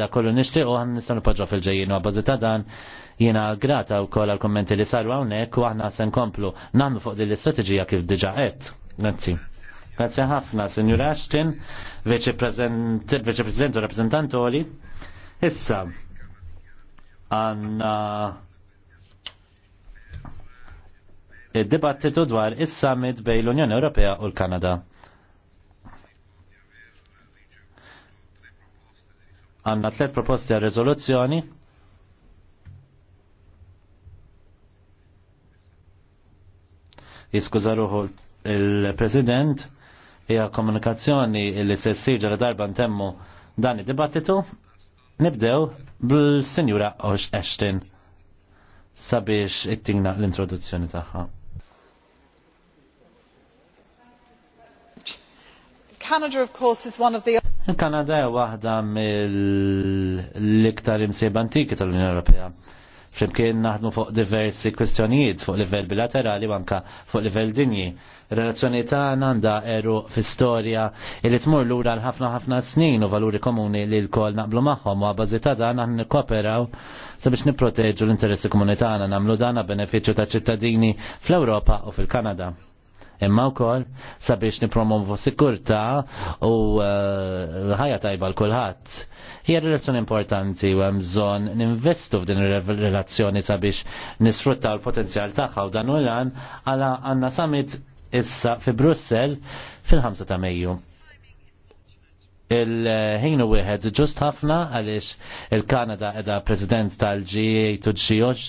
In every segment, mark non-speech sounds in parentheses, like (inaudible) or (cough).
da kollu nishtiq u għan nistanu poġġa fil-ġejjin u għabazita dan jina grata u koll għal-kommenti li saru għawnek u għahna sen komplu nannu fuq din l istrategija kif diġa għed. Grazzi. Grazie ħafna, Signor Ashton, Vice President u Rappresentant Oli. Issa, għanna id-dibattitu dwar is-summit bejn l-Unjoni Ewropea u l-Kanada. Għanna tlet proposti għal rezoluzzjoni. Jiskuza ruħu il-President hija komunikazzjoni li se ssir li darba ntemmu dan id-dibattitu. Nibdew bl-Sinjura Ashton sabiex ittigna l-introduzzjoni tagħha. Canada, of course, is one of the Il-Kanada hija waħda mill-iktar imsieb antiki tal-Unjoni Ewropea. Flimkien naħdmu fuq diversi kwistjonijiet fuq livell bilaterali u anke fuq livell dinji. Relazzjoni tagħna għandha eru fl-istorja li tmur lura għal ħafna ħafna snin u valuri komuni li l-kol naqblu magħhom u għabbażi ta' dan aħna nikkoperaw sabiex nipproteġu l-interessi komunitana nagħmlu dana benefiċċju ta' ċittadini fl-Ewropa u fil-Kanada imma wkoll sabiex nipromovu sikurta u ħajja tajba l-kulħadd. Hija relazzjoni importanti u hemm bżonn ninvestu f'din ir-relazzjoni sabiex nisfruttaw l-potenzjal tagħha u dan u lan għala għandna summit issa fi Brussel fil-5 ta' Mejju il-ħin u wieħed ġust ħafna għaliex il-Kanada edha president tal-G8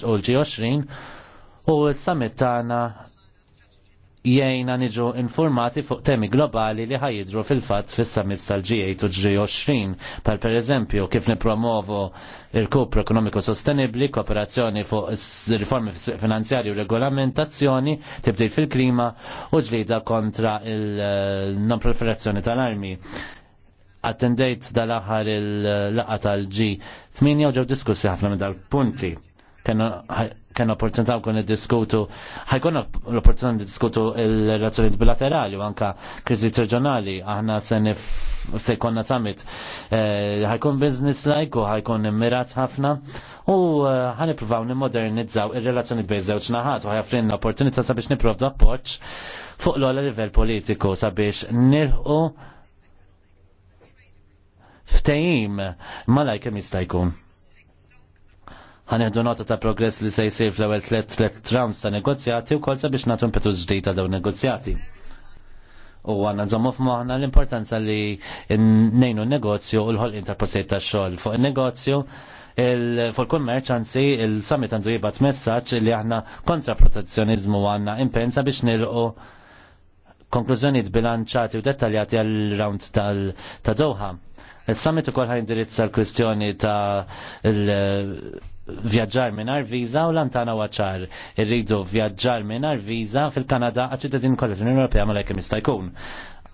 u l-G20 u l-summit tagħna jgħina niġu informati fuq temi globali li ħajidru fil-fat fis-summit tal-G8 u G20, pal per eżempju kif nipromovu il-kupru ekonomiku sostenibli, kooperazzjoni fuq riformi finanzjari u regolamentazzjoni, tibdil fil-klima u ġlida kontra il-non-proliferazzjoni tal-armi. Attendejt dal-aħħar il-laqa tal-G8 ġew diskussi ħafna minn dal-punti kena opportunità u kon diskutu ħajkonna l-opportunità diskutu il-relazzjoniet bilaterali u anka kriżijiet regionali, aħna sen se konna summit eh, ħajkun business like u ħajkun immirat ħafna u eh, ħanipruvaw nimmodernizzaw ir-relazzjoniet bejn żewġ naħat u ħajafrinna opportunità sabiex niprovda appoġġ fuq l-ola livell politiku sabiex nilħu ftehim malajk kemm jista' jkun ħaneħdu nota ta' progress li se jsir fl-ewwel tliet tliet rounds ta' negozjati u kolza biex nagħtu impetus ġdid ta' dawn negozjati. U għanna nżommu f'moħna l-importanza li nejnu n-negozju u l-ħolqin ta' postijiet ta' xogħol fuq il-negozju fuq il-kummerċ anzi il-summit għandu jibat messaġġ li aħna kontra protezzjonizmu għanna impensa biex nilqu konklużjonijiet bilanċati u dettaljati għal-round ta' Doha. Il-summit ukoll ħajndirizza l-kwistjoni ta' vjaġġar minar viza u lantana waċar irridu vjaġġar minar viza fil-Kanada għacittadin kollha l-Unjoni Ewropea ma lajkem jista' jkun.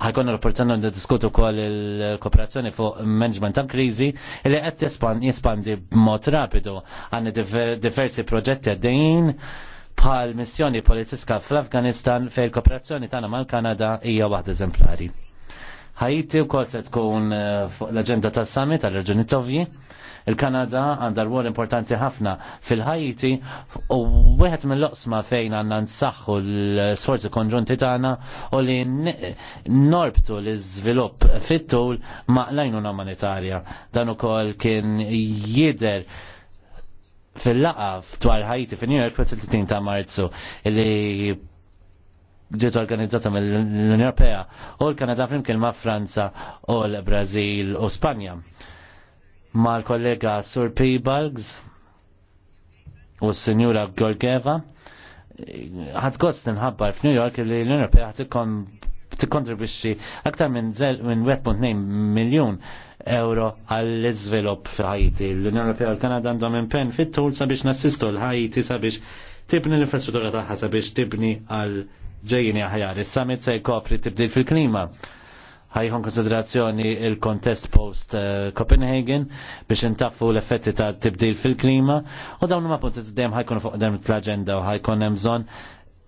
Ħajkonna l-opportunità li diskutu wkoll il-kooperazzjoni fuq management ta' kriżi li qed jispandi b'mod rapidu għandna diversi proġetti għaddejjin bħal missjoni poliziska fl-Afganistan fejn il-kooperazzjoni tagħna mal-Kanada hija waħda eżemplari. Haiti u kol se tkun eh, fuq l-agenda tas summit tal reġuni Tovji. Il-Kanada għandha rwol importanti ħafna fil ħajti u wieħed mill-oqsma fejn għandna nsaħħu l-sforzi konġunti tagħna u li norbtu l-iżvilupp fit-tul ma' lajnuna umanitarja. Dan ukoll kien jidher fil-laqaf dwar ħajti fin New York 30 ta' Marzu li ġiet organizzata mill-Unjoni Ewropea u l-Kanada flimkien ma' Franza u l-Brażil u Spanja. Mal-kollega Sur Pibalgs u s senjura Gorgeva ħad gost nħabbar f'New York li l-Unjoni Ewropea tikkontribwixxi aktar minn 1.2 miljun euro għall-iżvilupp f'Ħajti. L-Unjoni Ewropea u l-Kanada għandhom impenn fit-tul sabiex nassistu l-Ħajti sabiex tibni l-infrastruttura tagħha sabiex tibni għal ġejjini aħjar. Is-summit se jkopri tibdil fil-klima ħajħon konsiderazzjoni il-kontest post eh, Copenhagen biex intaffu l-effetti ta' tibdil fil-klima u dawn ma' punti d-dem ħajkun fuq dem l-agenda u ħajkun hemm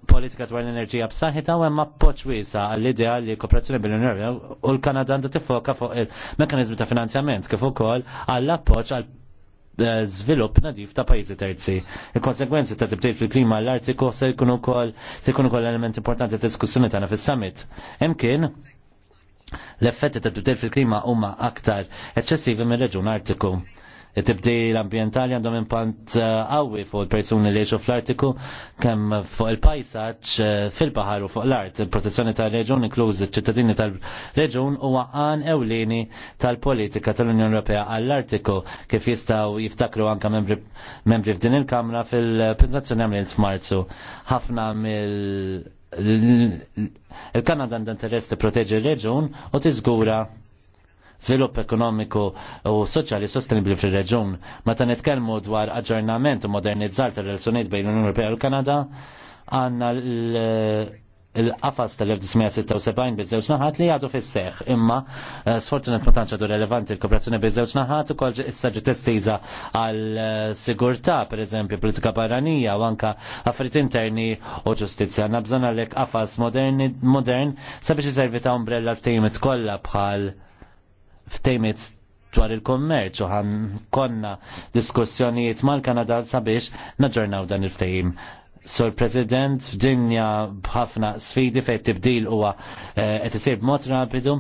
politika dwar l-enerġija b'saħħitha u hemm appoġġ wiesa għall-idea li kooperazzjoni bil-Unjoni u l-Kanada għandha tiffoka fuq il-mekkaniżmi ta' finanzjament kif ukoll għall-appoġġ għall appoġġ għal żvilupp eh, nadif ta' pajjiżi terzi. Il-konsekwenzi ta' tibdil fil-klima l-Artiku se jkunu wkoll se jkunu wkoll element importanti ta' diskussjoni tagħna fis-summit. Imkien l-effetti ta' tibdil fil-klima huma aktar eċċessivi mir-reġun Artiku it-tibdil ambientali għandhom impant qawwi fuq il-persuni li jiexu fl-artiku kemm fuq il-pajsaġġ fil bahar u fuq l-art. Il-protezzjoni tal-reġun inkluż iċ-ċittadini tal-reġun huwa għan ewlieni tal-politika tal-Unjoni Ewropea għall-artiku kif jistgħu jiftakru anke membri f'din il-Kamra fil-prezentazzjoni għamliet f'Marzu. Ħafna mill- il-Kanada għandha interess tipproteġi l reġun u tiżgura żvilupp ekonomiku u soċjali sostenibli fir-reġun. Meta nitkellmu dwar aġġornament u modernizzar tar-relazzjonijiet bejn l-Unjoni Ewropea u l-Kanada, għandna l-qafas tal-1976 żewġ naħat li għadu fis-seħ. Imma eh, sfortunat ma tantx għadu relevanti l-kooperazzjoni żewġ naħat u kolġi issa ġi testiża għal eh, sigurtà, per eżempju, politika barranija u anka affarijiet interni u ġustizzja. Nabżonna l għalhekk qafas modern sabiex iservi ta' umbrella f'tejmet kollha bħal ftejmiet dwar il-kommerċ u ħan konna diskussjonijiet mal-Kanada sabiex naġġornaw dan il-ftejim. Sur President, f'dinja bħafna sfidi fejn tibdil huwa eh, qed isir b'mod rapidu,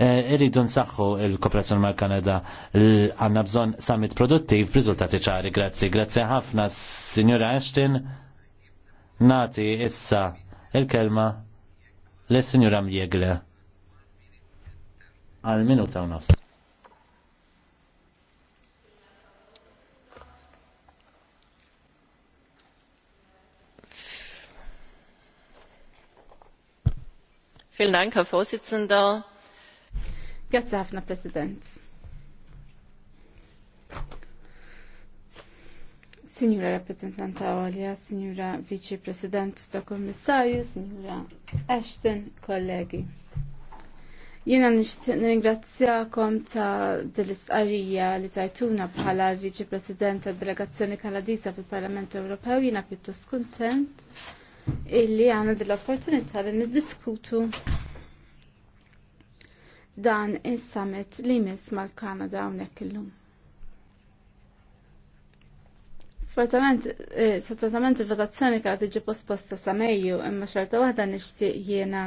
eh, irridu nsaħħu il-kooperazzjoni mal-Kanada għandna bżonn summit produttiv b'riżultati ċari. Grazzi, grazzi ħafna, Sinjura Ashton. Nati issa il-kelma l-Sinjura Mjegle għal minuta ta' nofs. Vielen Dank, Herr Vorsitzender. Grazie, Herr Präsident. Signora rappresentanta Olja, Signora Vice President ta' Kommissarju, Signora Ashton, kollegi. Jena nishtiq nirringrazzjakom ta' dil-istqarrija li tajtuna bħala viċi President tad delegazzjoni Kanadiża fil-Parlament Ewropew jiena pjuttost kuntent illi għandna din l-opportunità li niddiskutu dan is-summit li jmiss mal-Kanada hawnhekk illum. Eh, sfortunatament il-votazzjoni kienet tiġi posposta sa' Mejju imma xorta waħda nixtieq jiena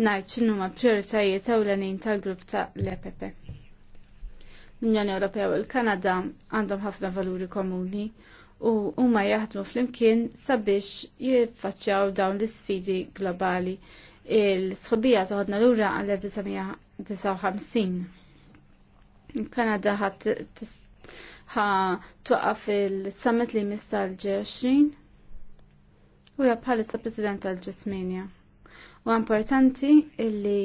ngħid x'inhu ma prioritajiet ewlenin tal-grupp ta' l-EPP. L-Unjoni Ewropea u l-Kanada għandhom ħafna valuri komuni u huma jaħdmu flimkien sabiex jiffaċċjaw dawn l-isfidi globali. Il-sħobija l lura għal-1959. Kanada ħa twaqaf il-summit li mista l-20 u hija bħalissa president tal-Ġitminja. U importanti illi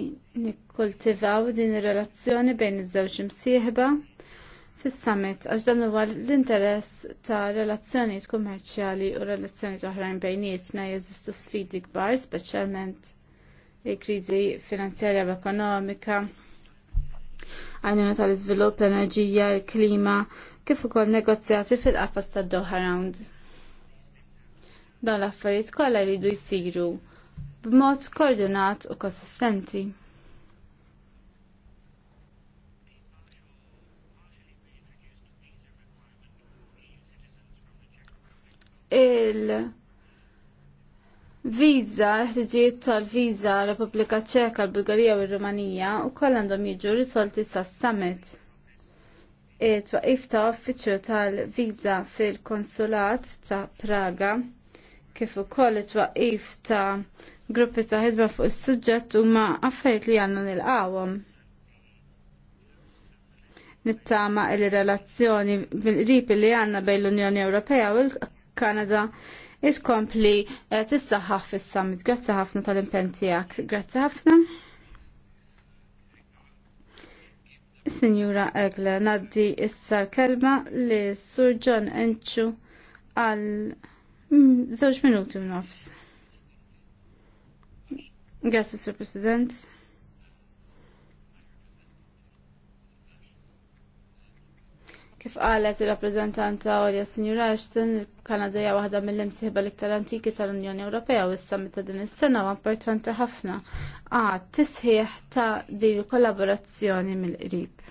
nikkultivaw din ir-relazzjoni bejn iż-żewġ imsieħba fis-summit għax dan huwa l-interess ta' relazzjonijiet kummerċjali u relazzjonijiet oħrajn bejnietna jeżistu sfidi kbar, speċjalment il-kriżi finanzjarja u ekonomika, għajnuna tal-iżvilupp, l-enerġija, il-klima, kif ukoll negozjati fil-qafas tad-Doha Round. Dawn l-affarijiet kollha jridu jsiru b'mod koordinat u konsistenti. il-viza, ħtiġijiet tal-viza Repubblika Ċeka, l-Bulgarija u l-Rumanija u koll għandhom jiġu risolti sas summit. It-twaqif ta' uffiċċju tal-viza fil-konsulat ta' Praga kif ukoll it-twaqif ta' gruppi ta' ħidba fuq is-suġġett huma affarijiet li għandna nilqawhom. Nittama il-relazzjoni bil-qrib li għandna bejn l-Unjoni Ewropea u l-Kanada Iskompli eh, tissaħħaf fis-summit. Grazzi ħafna tal-impenn tiegħek. Grazzi ħafna. Sinjura Egle naddi issa kelma li Sur John Enchu għal mm, żewġ minuti u nofs. Grazie, Sir President. Kif qalet il-rappreżentanta Olja Sinjura Ashton, il-Kanada hija waħda mill-imsieħba l-iktar antiki tal-Unjoni Ewropea u s-summit ta' din is-sena u importanti ħafna għad tisħiħ ta' din kollaborazzjoni mill-qrib.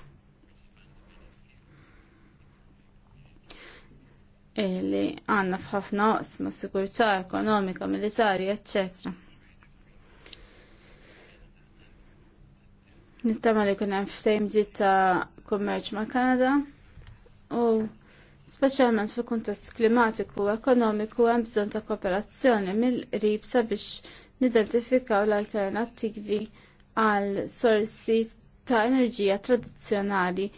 Illi għandna f'ħafna oqsma, s-sigurtà ekonomika, militari, eccetera. Nittama li kunem ftejm ġit ta' kummerċ ma' Kanada u Speċjalment fi kuntest klimatiku u ekonomiku hemm bżonn ta' kooperazzjoni mill rib sabiex nidentifikaw l-alternattivi għal sorsi ta' enerġija tradizzjonali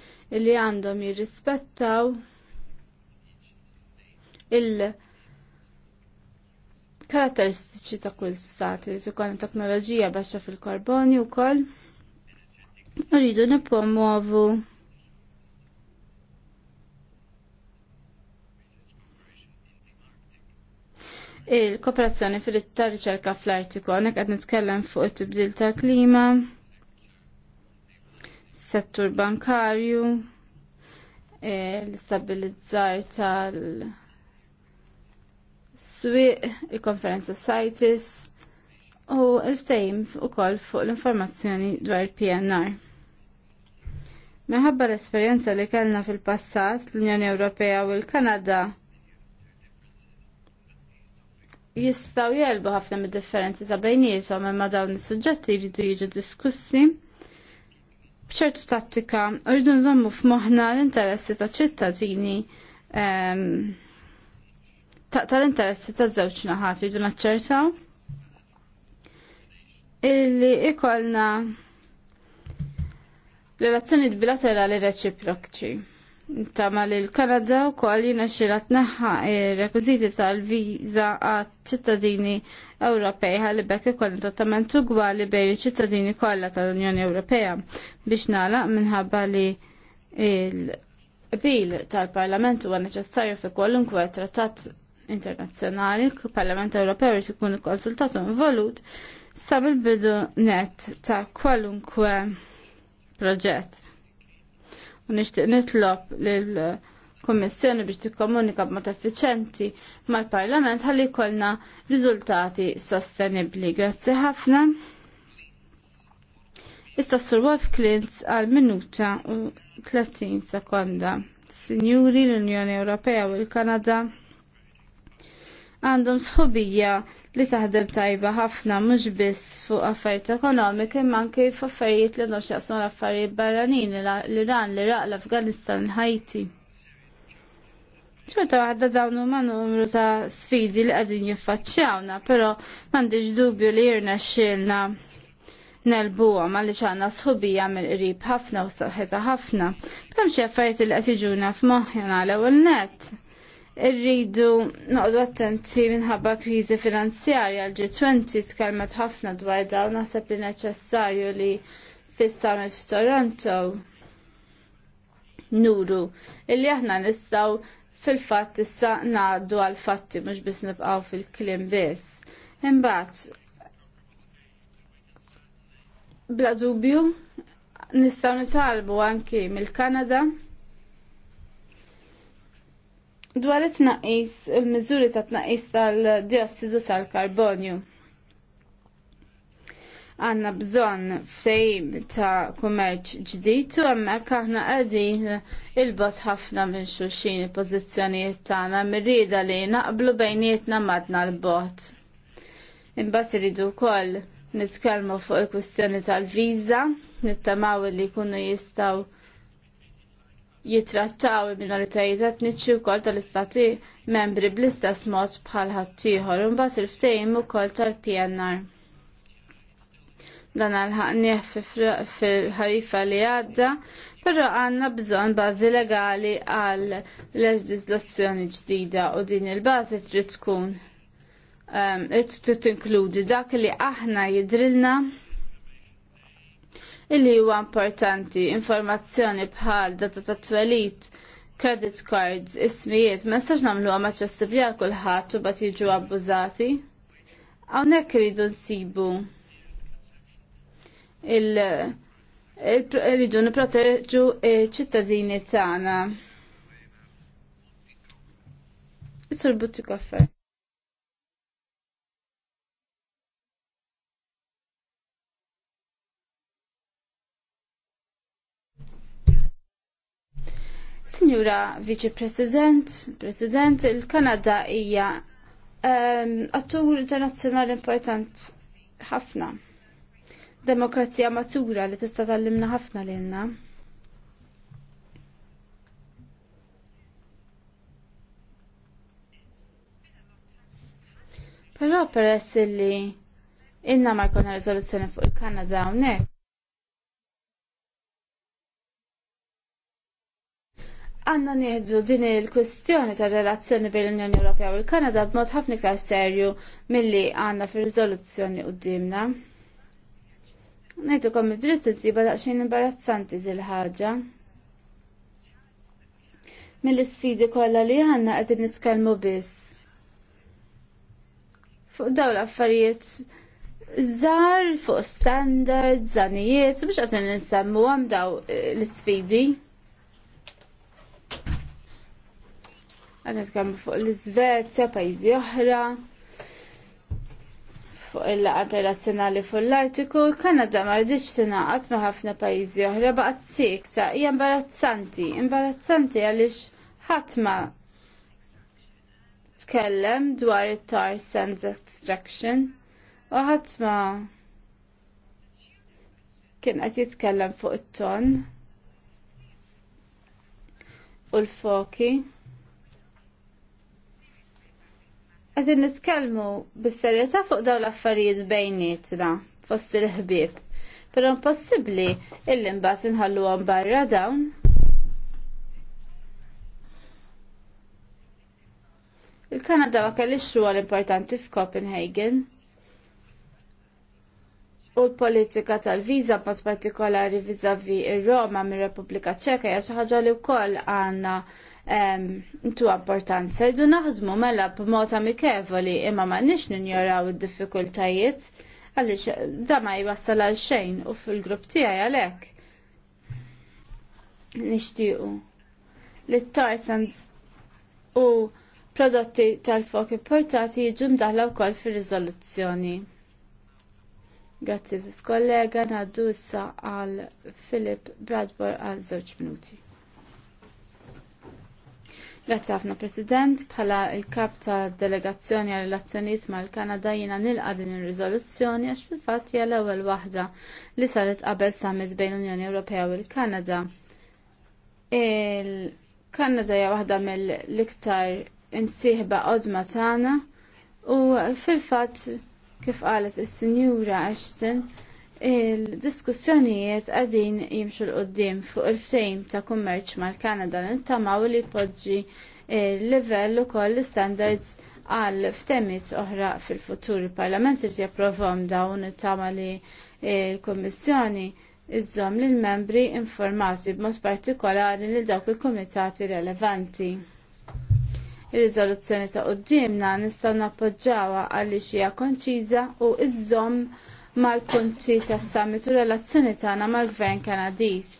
li għandhom jirrispettaw il- karatteristiċi ta' kull stat li teknoloġija baxxa fil u wkoll Rridu nippromuovu il-kooperazzjoni fil-ta' riċerka fl-artiku, għonek għad nitkellem fuq it-tibdil ta' klima, settur bankarju, l-istabilizzar tal- Swiq, il-konferenza CITES u il-fejm u koll fuq l-informazzjoni dwar il-PNR. Meħabba l-esperjenza li kellna fil-passat l-Unjoni Ewropea u l-Kanada jistaw jelbu ħafna mid differenzi ta' bejnietom imma dawn is-suġġetti jridu jiġu diskussi b'ċertu tattika u rridu nżommu f'moħħna l-interessi ta' ċittadini ehm, tal-interessi ta' żewġ naħat jridu naċċertaw illi ikolna relazzjoni bilaterali reċiproċi. Ta' li l-Kanada u koll jina xirat neħħa il-rekwiziti tal-viza għat ċittadini Ewropej għalli bekk ikoll trattament ugwali bejn iċ-ċittadini kollha tal-Unjoni Ewropea biex nagħlaq minħabba li il-bil tal-Parlament huwa neċessarju fi kwalunkwe trattat internazzjonali, il-Parlament Ewropew irid ikun ikkonsultat u involut sa mill-bidu net ta' kwalunkwe proġett. U nixtieq nitlob lill Kommissjoni biex tikkomunika b'mod effiċenti mal-Parlament ħalli jkollna riżultati sostenibbli. Grazzi ħafna. Issa Sir Wolf Klintz għal minuta u 30 sekonda. Sinjuri l-Unjoni Ewropea u l-Kanada għandhom sħubija li taħdem tajba ħafna mhux biss fuq affarijiet ekonomiki imma anke f'affarijiet li għandhom l-affarijiet barranin l-Iran, l-Iraq, l-Afganistan, Ħajti. ċerta waħda dawn huma numru ta' sfidi li qegħdin jiffaċċjawna, però m'għandix dubju li jirna xilna nelbuhom għaliex għandna sħubija mill-qrib ħafna u saħħetha ħafna. B'hemm xi affarijiet li qed jiġuna f'moħħna l-ewwel nett irridu noqdu attenti minħabba kriżi finanzjarja l-G20 tkellmet ħafna dwar dawn naħseb li neċessarju li fis-summit f'Toronto nuru illi aħna nistgħu fil-fatt issa ngħaddu għal fatti mhux biss nibqgħu fil-kliem biss. Imbagħad bla dubju nistgħu nisalbu anki mill-Kanada dwar it-tnaqqis, il-miżuri ta' tnaqqis tal-diossidu tal-karbonju. Għanna bżon fsejm ta' kummerċ ġdid u hemmhekk aħna qegħdin il-bot ħafna minn xulxin il-pożizzjonijiet tagħna mirrieda li naqblu bejnietna madna l-bot. Imbagħad iridu wkoll nitkellmu fuq il-kwistjoni tal-viża, nittamaw li jkunu jistgħu jitrattaw il-minoritajiet etniċi wkoll tal-istati membri bl-istess mod bħal ħaddieħor u mbagħad il-ftehim ukoll tal-PNR. Dan għalħaqnieh fil-ħarifa li għadda, però għandna bżonn bażi legali għal leġiżlazzjoni ġdida u din il-bażi trid tkun ehm, trid tinkludi dak li aħna jidrilna illi huwa importanti informazzjoni bħal data ta' twelit credit cards, ismijiet, ma nistax nagħmlu għam aċċessibbli għal kulħadd u bad jiġu abbużati. Hawnhekk iridu nsibu il-ridu ċ ċittadini tagħna. Isur butti kaffe. Signora Vice President, President, il-Kanada hija um, attur internazzjonali important ħafna. Demokrazija matura li tista' tallimna ħafna lilna. Però peress li inna ma jkun riżoluzzjoni fuq il-Kanada hawnhekk. għanna nieħdu din il-kwestjoni ta' relazzjoni bejn l-Unjoni Ewropea u l-Kanada b'mod ħafna iktar serju milli għanna fir-riżoluzzjoni qudiemna. kom id-dritt insiba daqsxejn imbarazzanti din ħaġa. Mill-isfidi kollha li għandna qegħdin nitkellmu biss. Fuq dawn l-affarijiet żgħar fuq standards, żanijiet, biex qed insemmu hemm daw l-isfidi. għadna t fuq l-Svezja, pajzi oħra, fuq il-laqa razzjonali fuq l-artiku, Kanada ma rridx tingħaqad ma' ħafna pajjiżi oħra baqgħet sikta hija imbarazzanti, imbarazzanti għaliex ħadd ma tkellem dwar it-tar sands extraction u ħadd ma kien qed jitkellem fuq it-ton u l-foki. Għazin nitkelmu bis-serjetà fuq daw l-affarijiet bejnietna fost il-ħbib. Pero impossibbli illi mbagħad inħalluhom barra dawn. Il-Kanada ma kellix xogħol importanti f'Copenhagen u l-politika tal-viza b'mod partikolari vizavi ir-Roma mir repubblika Ċeka hija xi ħaġa li wkoll għandna intu importanza. Idu naħdmu mela b'mod amikevoli imma m'għandniex ninjoraw id-diffikultajiet għaliex da ma jwassal għal xejn u fil-grupp tiegħi għalhekk. Nixtiequ. Li t-tarsans u prodotti tal-fok importati jiġu mdaħla wkoll fir-riżoluzzjoni. Grazzi ziz kollega naddu issa għal Philip Bradbor għal żewġ minuti. Grazzi ħafna President, bħala il-kap ta' delegazzjoni għal relazzjonijiet mal-Kanada jina nilqa din ir-riżoluzzjoni għax fil-fatt hija l-ewwel waħda li saret qabel summit bejn Unjoni Ewropea u l-Kanada. Il-Kanada hija waħda mill-iktar imsieħba qodma tagħna u fil-fatt kif qalet is-Sinjura Ashton, il-diskussjonijiet għadin jimxu l-qoddim fuq il-ftejm ta' kummerċ mal-Kanada nittamaw li podġi il-level eh, u koll standards għal ftemmit oħra fil-futur. Il-Parlament irid japprovom dawn it-tama li il-Kommissjoni eh, iżżomm l membri informati b'mod partikolari li dawk il-komitati relevanti. Ir-riżoluzzjoni ta' qudiemna nistgħu nappoġġawha għaliex hija konċiża u iżżomm mal-punti tas-summit u relazzjoni tagħna mal-Gvern Kanadiż.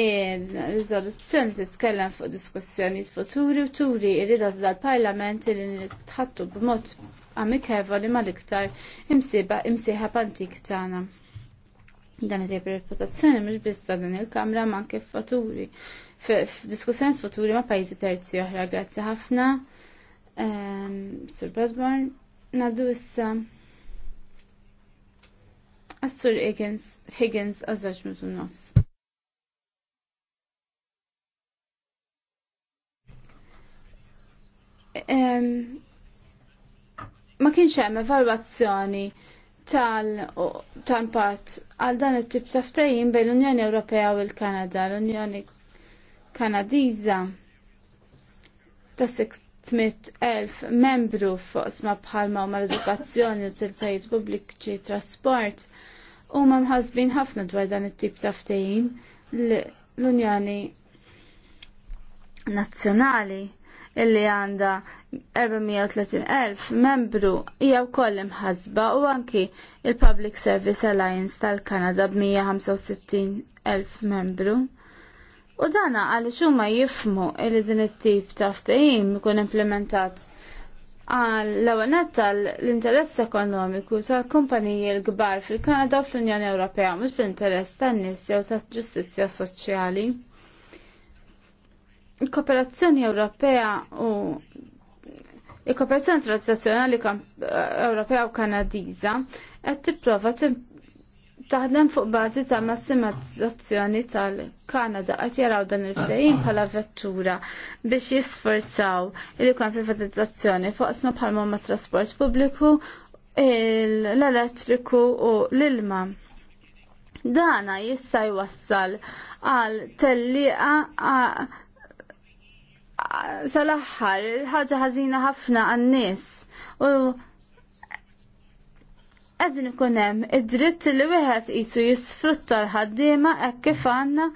Il-riżoluzzjoni titkellem fuq diskussjonijiet futuri u turi rrida tal-Parlament li nitħattu b'mod amikevoli mal-iktar imsiba imsieħab antik tagħna dan it reputazzjoni mhux biss ta' din il-Kamra ma anke f'faturi f'diskussjoni f'faturi ma' pajjiżi terzi oħra. Grazzi ħafna. Ehm, Sur Bradburn, naddu issa Assur Higgins, Higgins għazzax mutu nofs. Ehm, ma kienx hemm evalwazzjoni tal-impatt għal dan it-tip ta' ftehim bejn l-Unjoni Ewropea u l-Kanada, l-Unjoni Kanadiża ta' 600.000 membru fosma bħalma u mal-edukazzjoni, utilitajiet pubbliċi, trasport, u mħazbin ħafna dwar dan it-tip ta' ftehim l-Unjoni Nazzjonali illi għanda 430.000 membru hija wkoll imħasba u anki il-Public Service Alliance tal-Kanada b-165.000 membru. U dana għaliex huma jifmu li din it-tip ta' ftehim ikun implementat għal l-ewwel tal-interess ekonomiku tal-kumpaniji l-kbar fil-Kanada u fl-Unjoni Ewropea mhux fl-interess tan-nies jew tal-ġustizzja soċjali il-kooperazzjoni Ewropea u il-kooperazzjoni transnazzjonali Ewropea u Kanadiża qed tipprova taħdem fuq bażi ta' massimizzazzjoni tal-Kanada qed jaraw dan il-ftehim bħala vettura biex jisforzaw il ikun privatizzazzjoni fuq isma bħalma ma' trasport pubbliku l-elettriku u l-ilma. Dana jista' jwassal għal tellieqa sal-aħħar ħaġa ħażina ħafna għan-nies u qegħdin ikun hemm id-dritt li wieħed isu jisfrutta l-ħaddiema hekk kif għandna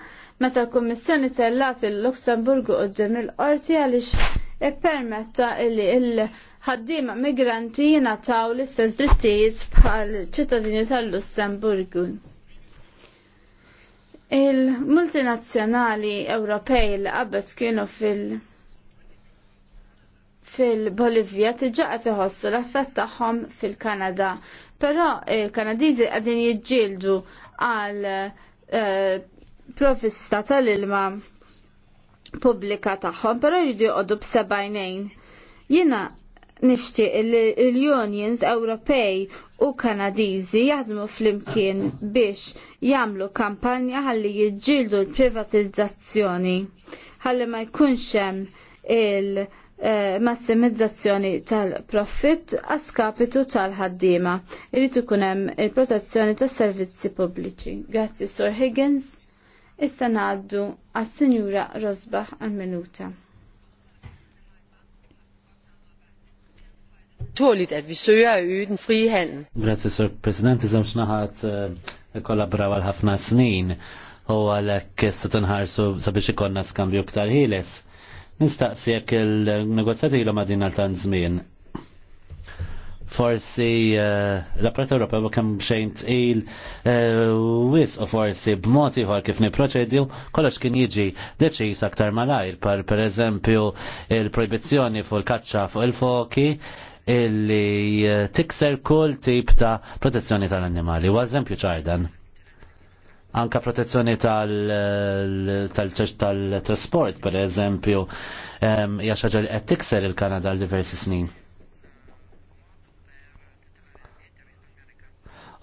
meta l-Kummissjoni tellat il-Luksemburgu qudiem il-qorti għaliex ippermetta li l-ħaddiema migranti taw l-istess drittijiet bħal ċittadini tal-Lussemburgu. Il-multinazzjonali Ewropej li qabbet kienu fil- fil-Bolivja tiġaqat iħossu l-effett tagħhom fil-Kanada. Però il-Kanadiżi eh, qegħdin jiġġieldu għal eh, provista tal-ilma pubblika tagħhom, però jridu joqogħdu b'sebajnejn. Jiena nixtieq l-Unions Ewropej u Kanadiżi jaħdmu flimkien biex jagħmlu kampanja ħalli jiġġieldu l-privatizzazzjoni ħalli ma jkunx hemm il- Eh, massimizzazzjoni tal-profit għaskapitu tal-ħaddima. Irrit ikun hemm il-protezzjoni tas-servizzi pubbliċi. Grazzi Sir Higgins. Issa ngħaddu għas-Sinjura Rosbach għal-minuta. tåligt att vi söker ut en frihandel. Grazie, Sir President. Iżem xnaħat eh, kollabraw għal ħafna snin u għalek s-tinħarsu sabiex ikonna skambju ktar ħiles. Nistaqsijek il-negozjati il madin għal-tan żmien. Forsi eh, l-Apparat u kemm xejn tqil eh, wis u forsi b'mod ieħor kif niproċedju kollox kien jiġi deċiż aktar malajr par pereżempju il-proibizzjoni fuq il-kaċċa fuq il-foki illi eh, tikser kull tip ta' protezzjoni tal-annimali. U eżempju ċardan anka protezzjoni tal-trasport, per eżempju, jaxħaġa li qed tikser il-Kanada għal diversi snin.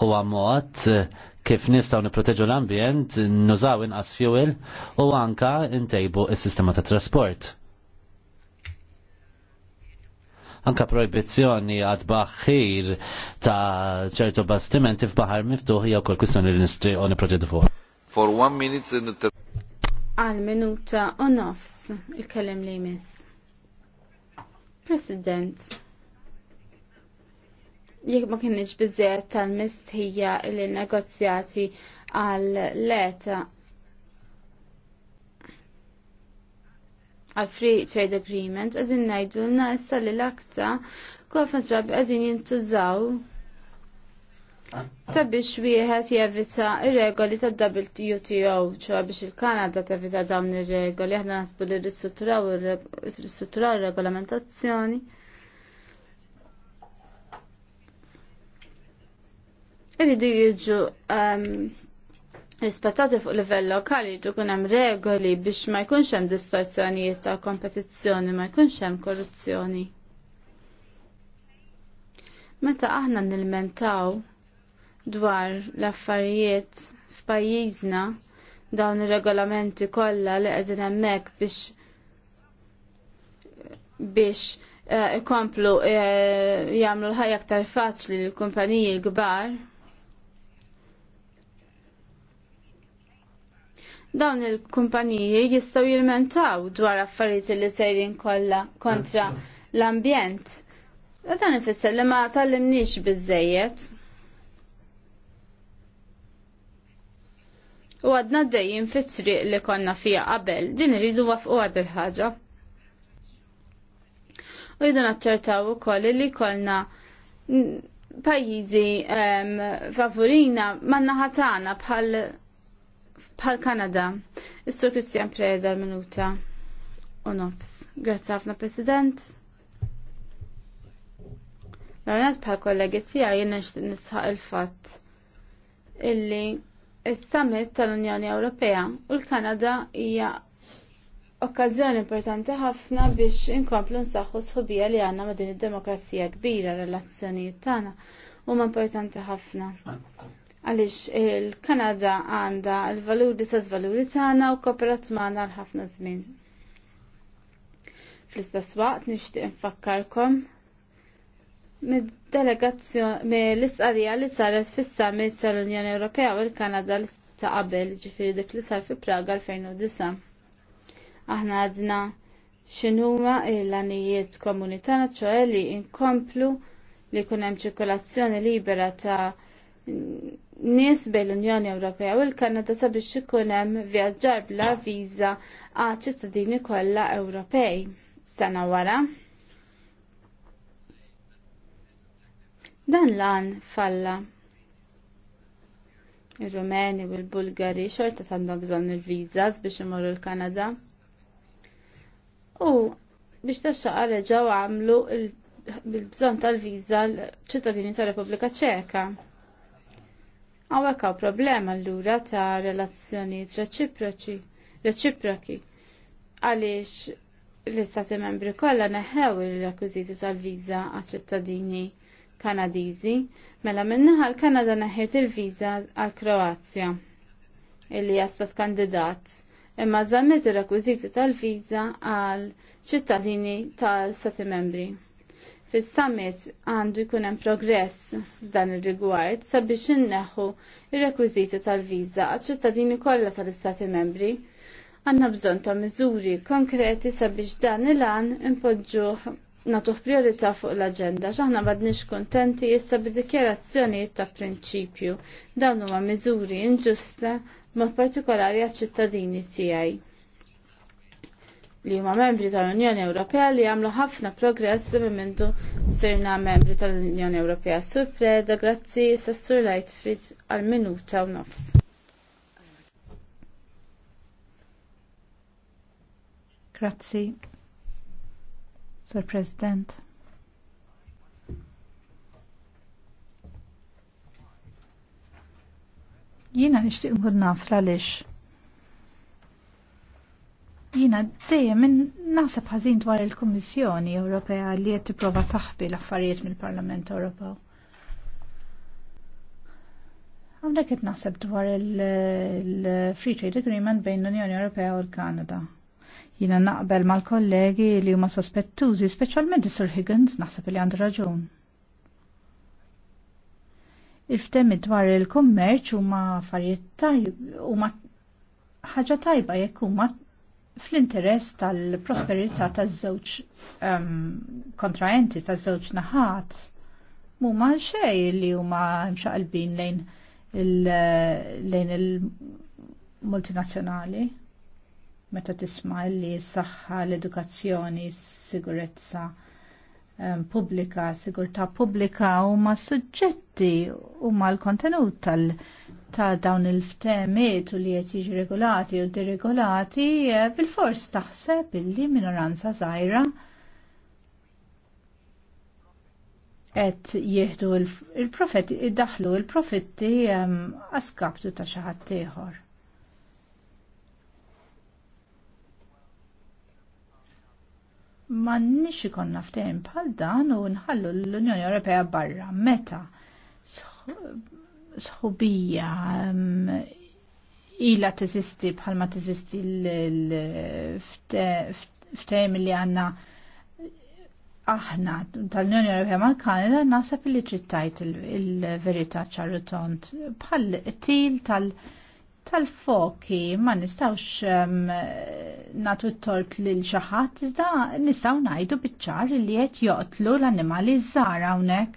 U għamot kif nistaw niproteġu l-ambjent, nużaw inqas fuel u anka intejbu il sistema ta' trasport anka proibizzjoni għad baħħir ta' ċertu bastimenti f'baħar miftuħ jew wkoll kwistjoni li nistri u niproġedu fuq. For one minute in the Għal minuta u nofs il-kellem li jmiss. President, jekk ma kienx biżżejjed tal-mistħija li negozjati għal leta għal Free Trade Agreement għadin najdu na issa li l-akta kofan trab għadin jintużaw sabiex wieħed jevita ir-regoli ta' WTO, ċoħa biex il-Kanada tevita dawn ir-regoli, aħna nasbu li ristrutturaw ir-regolamentazzjoni. Irridu jiġu ehm, rispettati fuq livell lokali tkun hemm regoli biex ma jkunx hemm distorzjonijiet ta' kompetizzjoni, ma jkunx hemm korruzzjoni. Meta aħna nilmentaw dwar l-affarijiet f'pajjiżna dawn ir-regolamenti kollha li qegħdin hemmhekk biex biex eh, ikomplu eh, jagħmlu l-ħajja aktar faċli lill kumpaniji l-kbar dawn il-kumpaniji jistaw jilmentaw dwar affarijiet li sejrin kollha kontra l-ambjent. Dan ifisser li ma tallimniex biżejjed. U għadna dejjem fit li konna fija qabel, din iridu wafqu għad il-ħaġa u jidu naċċertaw u koll li kolna pajizi favurina favorina manna ħatana bħal Pal Kanada. Is-Sur Kristjan Preda l-minuta u nofs. Grazzi ħafna President. L-għarnet bħal kollegi tija jenna nisħaq il-fat illi Is-summit tal-Unjoni Ewropea u l-Kanada hija okkażjoni importanti ħafna biex inkomplu nsaħħu sħubija li għandna ma' din id-demokrazija kbira relazzjonijiet tagħna huma importanti ħafna għaliex il-Kanada għandha l-valuri sa' valuri tagħna u kooperat maħna għal ħafna żmien. Fl-istess waqt nixtieq infakkarkom mid-delegazzjoni mill li saret fis-summit tal-Unjoni Ewropea u l-Kanada li ta' qabel ġifiri dik li sar fi Praga 2009. Aħna għadna x'inhuma l-għanijiet komunitana ċoħe li inkomplu li jkun hemm ċirkolazzjoni libera ta' nies bejn l-Unjoni Ewropea u l-Kanada sabiex ikun hemm vjaġġar bla viża għal ċittadini kollha Ewropej sena wara. Dan lan falla. Ir-Rumeni u l-Bulgari xorta għandhom bżonn il viża biex imorru l-Kanada. U biex taxxaqa reġgħu għamlu il-bżonn tal-viża l-ċittadini tar-Repubblika Ċeka. Għawek għaw problema l-lura ta' relazzjonijiet reċiproċi, reċiproki. għaliex l-istati membri kollha neħew il rekwiżiti tal-viża għal-ċittadini Kanadiżi, mela minnaħa l-Kanada neħiet il-viża għal-Kroazja, illi stat kandidat, imma żammet ir rekwiżiti tal-viża għal ċittadini tal-stati membri fis-summit għandu jkun hemm progress f'dan ir-rigward sabiex inneħħu ir-rekwiżiti tal-viża għaċ-ċittadini kollha tal-Istati Membri. Għandna bżonn ta' miżuri konkreti sabiex dan il-għan impoġġuh natuħ priorità fuq l-agenda xaħna badnix kontenti issa bid ta' prinċipju dawn huma miżuri inġusta ma' partikolari għaċ-ċittadini tiegħi li huma membri tal-Unjoni Ewropea li għamlu ħafna progress mintu sirna membri tal-Unjoni Ewropea. Sur Preda, grazzi, Sassur Lightfried għal-minuta u nofs. Grazzi, Sur President. Jina nishtiq nkun naf għaliex Jina dejjem minn naħseb ħażin dwar il-Kummissjoni Ewropea li qed tipprova taħbi l-affarijiet mill-Parlament Ewropew. Għamdek qed naħseb dwar il-Free Trade Agreement bejn l-Unjoni Ewropea u l-Kanada. Jina naqbel mal-kollegi li huma sospettużi, speċjalment is-Sir Higgins naħseb li għandu raġun. il ftemmi dwar il-kummerċ huma affarijiet tajb huma ħaġa tajba jekk huma fl-interess tal-prosperità taż-żewġ um, kontraenti taż-żewġ naħat ma xej li huma mxaqalbin lejn lejn il-multinazzjonali meta tisma' li s-saħħa, l-edukazzjoni, s-sigurezza um, pubblika, sigurtà pubblika huma suġġetti huma l-kontenut tal- ta' dawn il-ftemiet u li qed jiġi regolati u diregolati eh, bil-fors taħseb illi minoranza żgħira qed jieħdu il-profetti iddaħlu il-profitti ehm, għaskaptu ta' xi ħadd ieħor. Ma nix ikonna ftehim bħal dan u nħallu l-Unjoni Ewropea barra meta sħubija um, ila tiżisti bħalma tiżisti l-ftejm li għanna aħna tal-Unjoni Ewropea mal-Kanada nasab li trittajt il-verità ċarutont bħal til tal- tal-foki ma nistawx um, natu t-tort lil xaħat iżda nistaw najdu bitċar li qed joqtlu l-annimali żgħar hawnhekk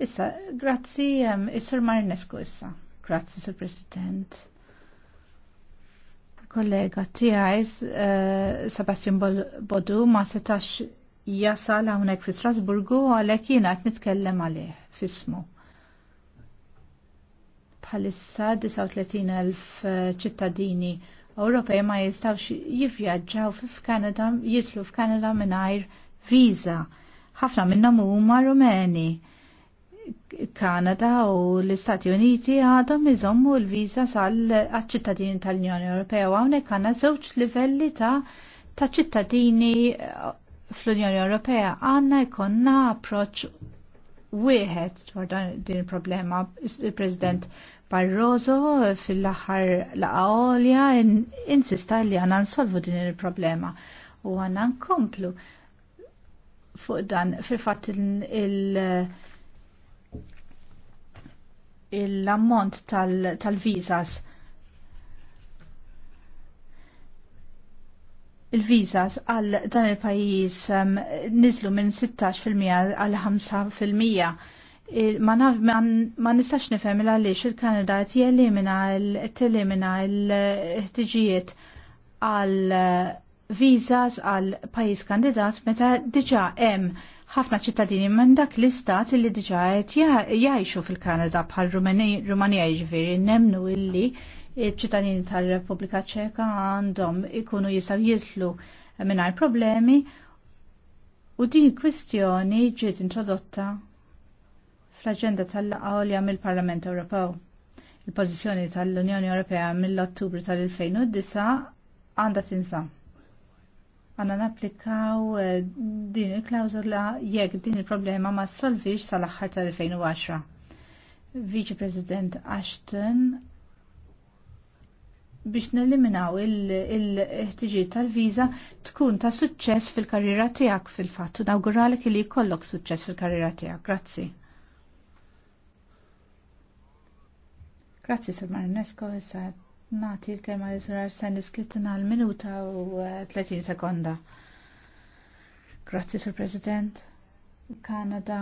Issa, grazzi, um, Isser Marinescu issa. Grazzi, Sur President. Kollega tiegħi uh, Sebastian Bodu ma setax jasal hawnhekk fi Strasburgu għalhekk jiena qed nitkellem għalih fismu. Bħalissa 39,000 eh, ċittadini Ewropej ma jistawx jivvjaġġaw fif-Kanada, jitlu f'Kanada mingħajr viża. Ħafna minnhom huma Rumeni Kanada u l-Istati Uniti għadhom iżommu l-viża sal-ċittadini tal-Unjoni Ewropea u hawnhekk għandna żewġ livelli ta' ta' ċittadini eh, fl-Unjoni Ewropea għandna jkollna approċċ wieħed dwar din il-problema il-President Barroso fil-aħħar laqgħolja insista li għandna nsolvu din il-problema u għandna nkomplu fuq dan fil-fatt il-, il l-ammont tal-vizas. Tal Il-vizas għal dan il-pajis um, nizlu minn 16% għal 5%. Il ma, ma nistax nifhem il għaliex il-Kanada qed jelimina l-ħtiġijiet għal vizas għal pajis kandidat meta diġa hemm ħafna ċittadini minn dak l-istat li diġa qed jgħajxu fil-Kanada bħal Rumanija jiġifieri nemnu illi ċittadini tal-Repubblika Ċeka għandhom ikunu jistgħu jitlu mingħajr problemi u din kwistjoni ġiet introdotta fl-aġenda tal għolja mill-Parlament Ewropew. Il-pożizzjoni tal-Unjoni Ewropea mill-Ottubru tal-2009 għandha tinsam għanna naplikaw eh, din il-klawzola jekk din il-problema ma solvix sal-axħar tal-2010. Vice President Ashton biex neliminaw il-ħtiġiet il tal-viza tkun ta' suċċess fil-karriera tiegħek fil-fatt u nawguralek li jkollok suċċess fil-karriera tiegħek. Grazzi. Grazzi Sir Marinesco, issa Nati l-kelma li surar Sandis Kittina għal-minuta u 30 eh, sekonda. Grazzi, Sir President. Kanada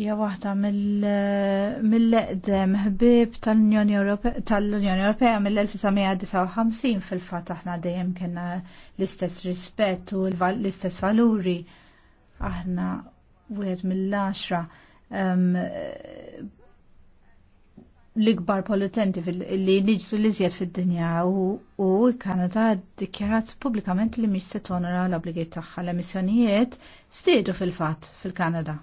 hija waħda eh, mill-eqdem ħbieb tal-Unjoni Ewropea mill-1959 fil-fatt aħna dejjem kienna l-istess rispett u l-istess valuri. Aħna wieħed mill-10 l-ikbar polutenti li niġdu li zjed fil-dinja u Kanada dikjarat publikament li mhix se tonora l-obligiet tagħha l-emissjonijiet stiedu fil-fatt fil-Kanada.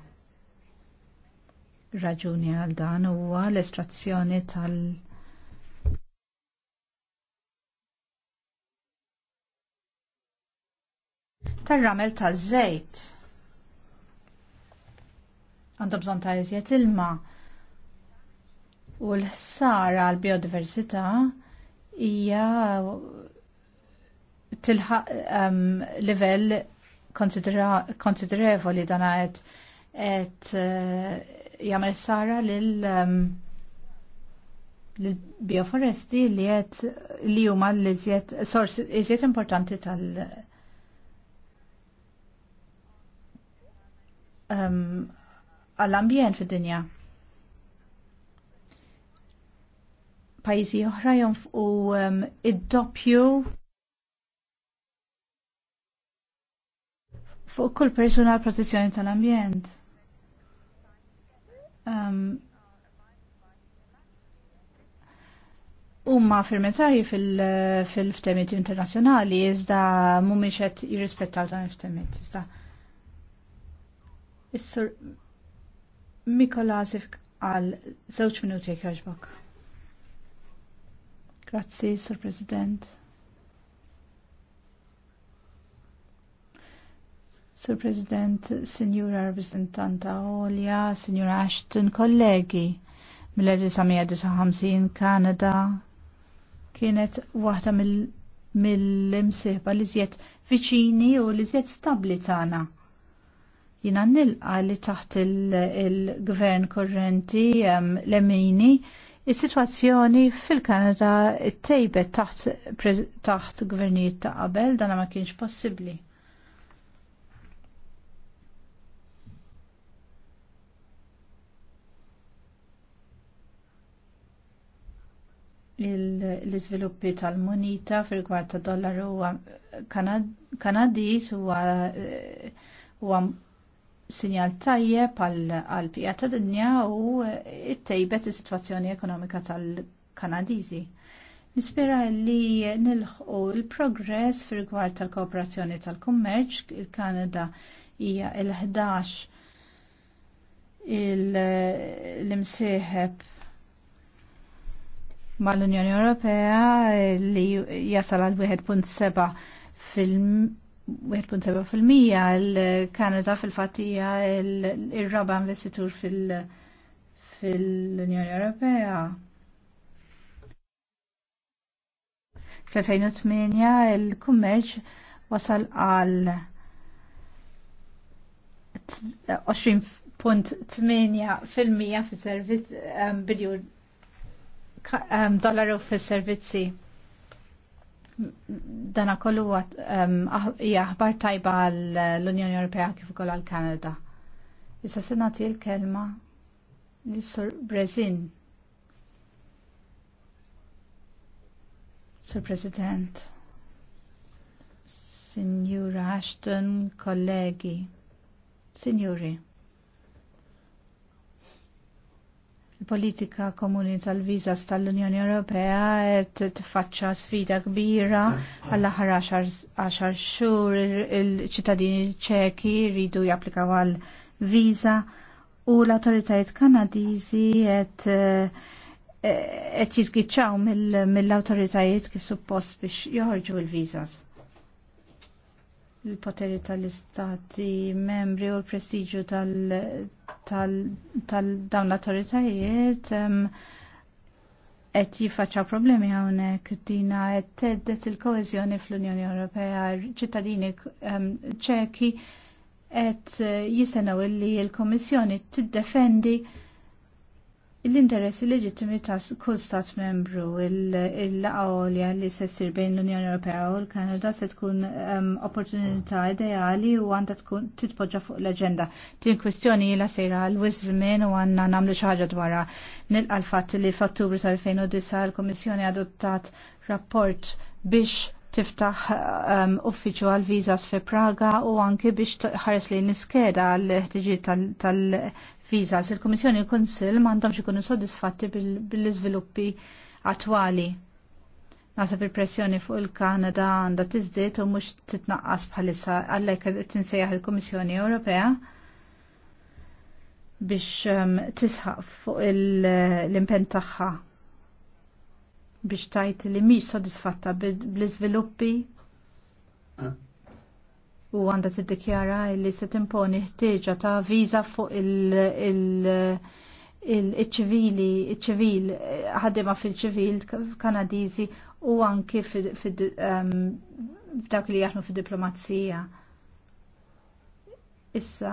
Raġuni għal dan huwa l-estrazzjoni tal- tar-ramel taż-żejt. Għandu bżonn ta' iżjed ilma' u l-ħsara għal biodiversità hija tilħaq um, livell konsiderevoli dan qed qed uh, eh, jagħmel sara lil um, ehm, l-bioforesti li jett li huma l-iżjed sors iżjed importanti tal- ehm, għall-ambjent um, fid-dinja. pajjiżi oħra jonfqu um, id-doppju fuq kull persuna protezzjoni tal-ambjent. Um, Umma fil-ftemiet fil internazjonali iżda mhumiex qed jirrispettaw dan il-ftemiet. Iżda Is-sur Mikolasif għal żewġ minuti jekk jogħġbok. Grazzi, Sir President. Sir President, Signora Rappresentanta Olja, Signora Ashton, kollegi, mill-1959 Kanada kienet waħda mill-imsiħba mil li zjed viċini u li zjed stabli tagħna. Jina nilqa li taħt il-gvern il korrenti l-emini Is-sitwazzjoni fil-Kanada tejbet taħt, taħt gvernijiet ta' qabel dan ma kienx possibbli. l-iżviluppi tal-munita fil ta' dollaru Kanadis huwa sinjal tajjeb għal pija ta' dinja u it-tejbet is-sitwazzjoni ekonomika tal-Kanadiżi. Nispera li nilħu l-progress fir rigward tal-kooperazzjoni tal-kummerċ, il-Kanada hija il-11 l-imsieħeb mal-Unjoni Ewropea li jasal għal 1.7 fil 1.7% l-Kanada fil-fatija il-raba investitur fil-Unjoni Ewropea. Fl-2008 il-kummerċ wasal għal 20.8% fil-servizz biljun dollaru fil-servizzi dana kollu jaħbar tajba l-Unjoni Ewropea kif ukoll għal Kanada. Issa se nagħti l-kelma lis-Sur Brezin. Sur President, Signora Ashton, kollegi, Signori. politika komuni tal-vizas tal-Unjoni Ewropea qed tfaċċa sfida kbira għall aħħar 10 xhur il-ċittadini ċeki jridu japplikaw għal viża u l-awtoritajiet Kanadiżi qed eh, qed jiżgiċċaw mill-awtoritajiet kif suppost biex joħorġu l-viżas il poteri tal-istati membri u l prestiġju tal-dawn l-autoritajiet qed jiffaċċa problemi hawnhekk dina qed teddet il-koeżjoni fl-Unjoni Ewropea ċittadini ċeki qed jistennew illi l t tiddefendi l-interessi leġittimi ta' kull stat membru il għolja li se ssir bejn l-Unjoni Ewropea u l-Kanada se tkun ehm, opportunità ideali u għandha tkun titpoġġa fuq l-aġenda. Din kwestjoni ilha sejra għal wiżmin u għandna nagħmlu xi ħaġa nil-għalfat fatt li f'Ottubru tal-2009 l-Kummissjoni adottat rapport biex tiftaħ um, ehm, uffiċu għal vizas fi Praga u anke biex ħares li niskeda għal ħtiġiet tal-ċittadini visas. Il-Komissjoni u konsil m'għandhomx ikunu soddisfatti bil-iżviluppi attwali. Nasab il-pressjoni fuq il-Kanada għandha tizdiet u mhux titnaqqas bħalissa għalhekk tinsejjaħ il-Kummissjoni Ewropea biex ehm, tisħaq fuq l-impen tagħha biex tajt li mhix sodisfatta bl-iżviluppi ah u għandha tiddikjara li se timponi ħtieġa ta' viża fuq il-ċivili, il-ċivil, ħaddiema fil-ċivil kanadiżi u anki ehm, f'dak li jaħnu fid-diplomazija. Issa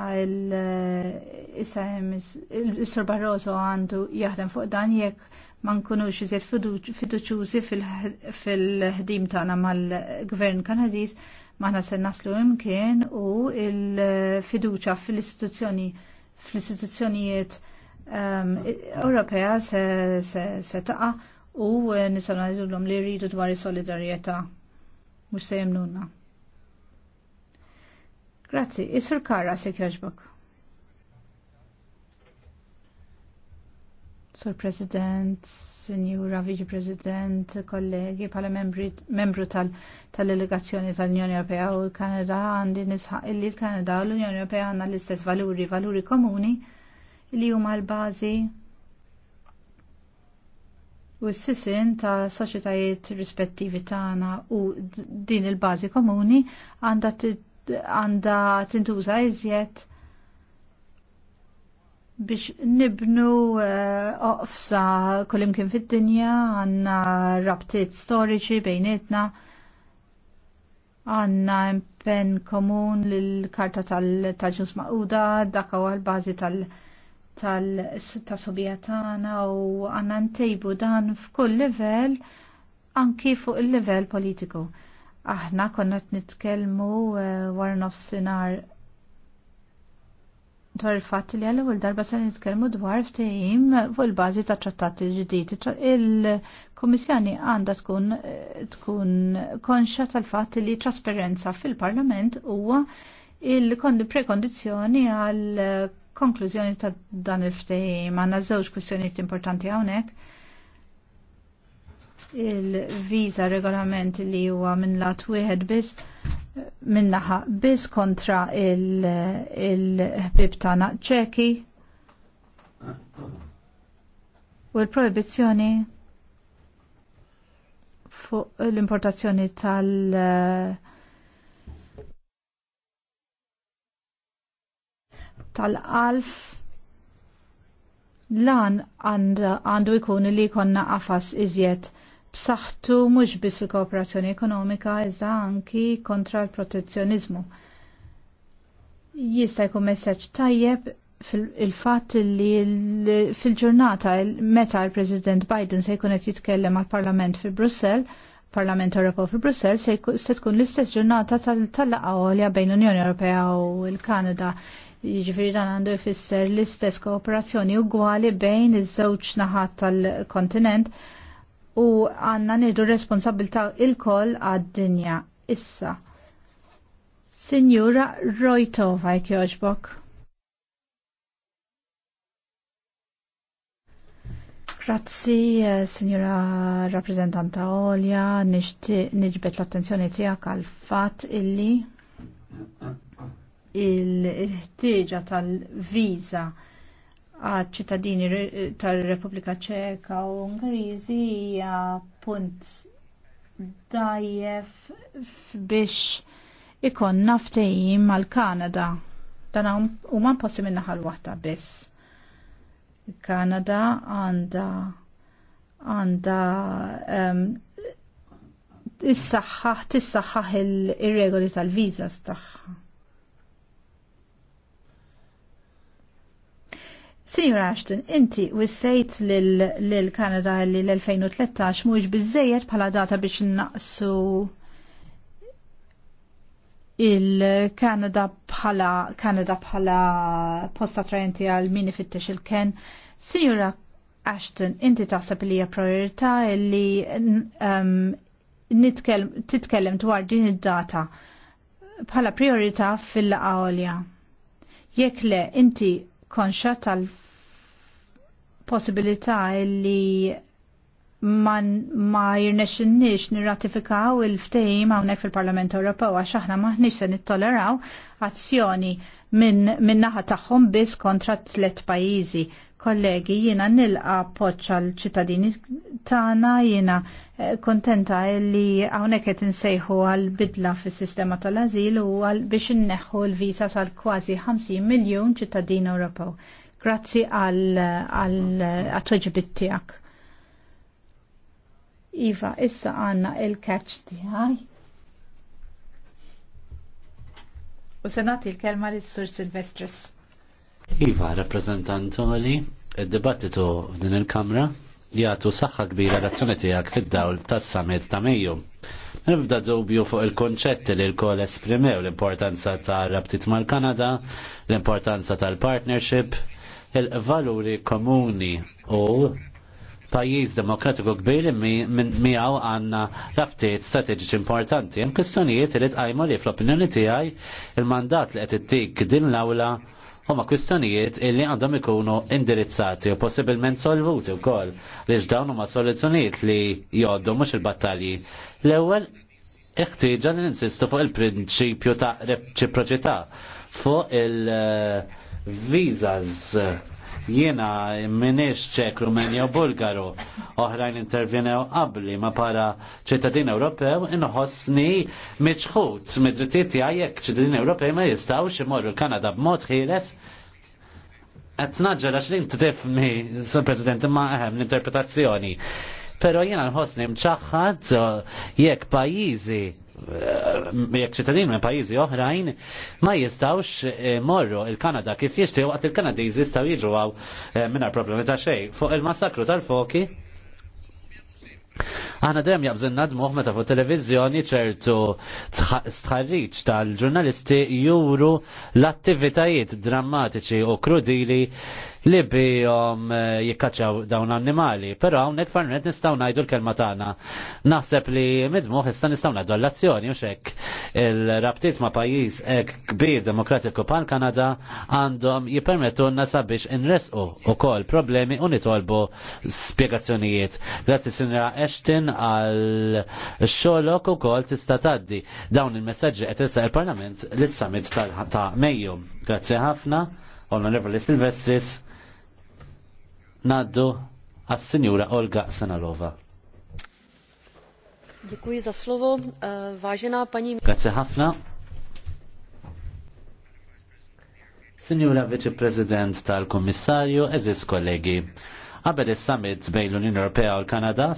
issa il-Sur Barroso għandu jaħdem fuq dan jekk ma nkunux iżjed fiduċjużi fil-ħdim tagħna mal-Gvern Kanadiż maħna se naslu imkien u il-fiduċa fil-istituzzjoni fil-istituzzjonijiet um, Ewropea se, se, se taqa u nisaw najdulhom li rridu dwar is-solidarjetà mhux se jemnuna. Grazzi, Isur Kara se jogħġbok. Sur President, Sinjura Vice President, kollegi, pala membru tal-delegazzjoni tal-Unjoni Europea u l-Kanada għandi nisħaq illi l-Kanada u l-Unjoni Europea għanna l-istess valuri, valuri komuni li huma l-bażi u s-sisin ta' soċetajiet rispettivi tagħna u din il-bażi komuni għandha għandha tintuża iżjed biex nibnu eh, oqfsa kullimkien fid-dinja għanna rabtiet storiċi bejnietna għanna impen komun l-karta tal-ġus maquda dakka għal l-bażi tal- sobietana tagħna u għanna ntejbu dan f'kull livell anki fuq il level politiku. Aħna konna nitkellmu eh, wara nofsinhar dwar il-fatt li għal-ewwel darba se nitkellmu dwar ftehim fuq il-bażi ta' trattati ġdid. Il-Kummissjoni għandha tkun tkun konxa tal-fatt li trasparenza fil-Parlament huwa il prekondizjoni għal konklużjoni ta' dan il-ftehim. Għandna żewġ kwistjonijiet importanti hawnhekk il-viza regolament li huwa minn lat wieħed biss minnaħa biss kontra il-ħbib il tagħna ċeki u l-proibizzjoni fuq l-importazzjoni tal- tal-alf lan għandu jkun li konna għafas iżjed b'saħħtu mhux biss fil-kooperazzjoni ekonomika iżda anki kontra l-protezzjonizmu. Jista' jkun messaġġ tajjeb il-fatt li fil-ġurnata meta l-President Biden se jkun qed jitkellem għall parlament fi Brussell, Parlament Ewropew fi Brussell se tkun l-istess ġurnata tal-laqgħa għolja bejn Unjoni Ewropea u l-Kanada. Jiġifieri dan għandu jfisser l-istess kooperazzjoni ugwali bejn iż-żewġ naħat tal-kontinent u għanna nidu responsabilta il-koll għad-dinja issa. Signora Rojtova jkjoġbok. Grazzi, eh, signora rappresentanta Olja, nġbet l-attenzjoni tijak għal-fat illi il-ħtieġa tal-viza il ħtieġa tal viza għad ċittadini tal-Repubblika Ċeka u Ungriżi hija punt dajjef biex ikon naftejim mal-Kanada. Dan huma possi minna ħal waħda biss. Kanada għandha għandha is-saħħaħ tissaħħaħ ir-regoli tal-viżas tagħha Senior Ashton, inti wissejt l kanada li l-2013 mhux bizzejet bħala data biex naqsu il-Kanada pala Kanada bħala post attrajenti għal min ifittex il-ken. Senior Ashton, inti taħseb li hija priorità li um, titkellem dwar din id-data bħala priorità fil-laqgħa Jekk le inti konxa tal possibilità li man ma jirnexinniex nirratifikaw il-ftehim hawnhekk fil-Parlament Ewropew għax aħna maħniex se nittoleraw azzjoni minn min naħa tagħhom biss kontra tliet pajjiżi. Kollegi, jiena nilqa poċċa l-ċittadini tagħna, jiena eh, kontenta li hawnhekk qed insejħu għal bidla fis-sistema tal-ażil u għal biex inneħħu l-visa sal kważi 50 miljun ċittadin Ewropew Grazzi għal-tweġibit tijak. Iva, issa għanna il-catch tijaj. U senati il-kelma li s-sur Silvestris. Iva, rappresentantoli, il-dibattitu f'din il-kamra jgħatu saħħa kbira l-azzjoni tijak fid-dawl tas summit ta' Mejju. Nibda dubju fuq il-konċetti li l-kol esprimew l-importanza ta' rabtit mal-Kanada, l-importanza tal-partnership, il-valuri komuni u pajjiż demokratiku kbir miegħu għandna rabtiet strateġiċi importanti. Hemm kwistjonijiet li tqajmu li fl-opinjoni tiegħi il-mandat li qed ittik din l-awla huma kwistjonijiet illi għandhom ikunu indirizzati u possibilment solvuti wkoll li dawn huma soluzzjonijiet li jgħoddu mhux il-battalji. L-ewwel iħtieġa li ninsistu fuq il-prinċipju ta' reċiproċità fuq il- visas jiena minix ċek Rumenja u Bulgaru oħrajn intervjenew qabli ma para ċittadin Ewropew inħossni miċħut mid-drittijiet tiegħi jekk ċittadin Ewropej ma jistgħux imorru l-Kanada b'mod ħieles qed naġġel għax li tifni, Sur President, imma eħem l-interpretazzjoni. Pero jiena nħossni mċaħħad jekk pajjiżi Eh, jekk ċittadin minn pajjiżi oħrajn ma jistawx eh, morru il-Kanada kif jishtiju waqt il-Kanadiżi jistaw jġu għaw eh, minna problemi ta' xej. Fuq il-massakru tal-foki, Aħna dem jabżin nadmuħ meta fuq televizjoni ċertu stħarriċ tal-ġurnalisti juru l-attivitajiet drammatiċi u krudili li bihom eh, jikkaċċaw dawn annimali. Però hawnhekk farnet nistgħu ngħidu l-kelma tagħna. Naħseb li midmuħ issa nistgħu najdu l-azzjoni uxek il-rabtiet ma' pajjiż hekk kbir demokratiku pan Kanada għandhom jipermetu sabiex inresqu ukoll problemi u nitolbu spjegazzjonijiet. Grazzi Sinra Ashton għal xolok u kol tista' tgħaddi dawn il-messaġġi qed issa il-Parlament lis summit ta' Mejju. Grazzi ħafna, Onorevoli Silvestris. Naddu għas-Sinjura Olga Sanalova. Dziękuję za słowo. Ważna eh, pani... Grazie ħafna. Sinjura Viceprezident president tal-Kommissarju, eżis kollegi. għabel is-summit bejn l-Unjoni Ewropea u l-Kanada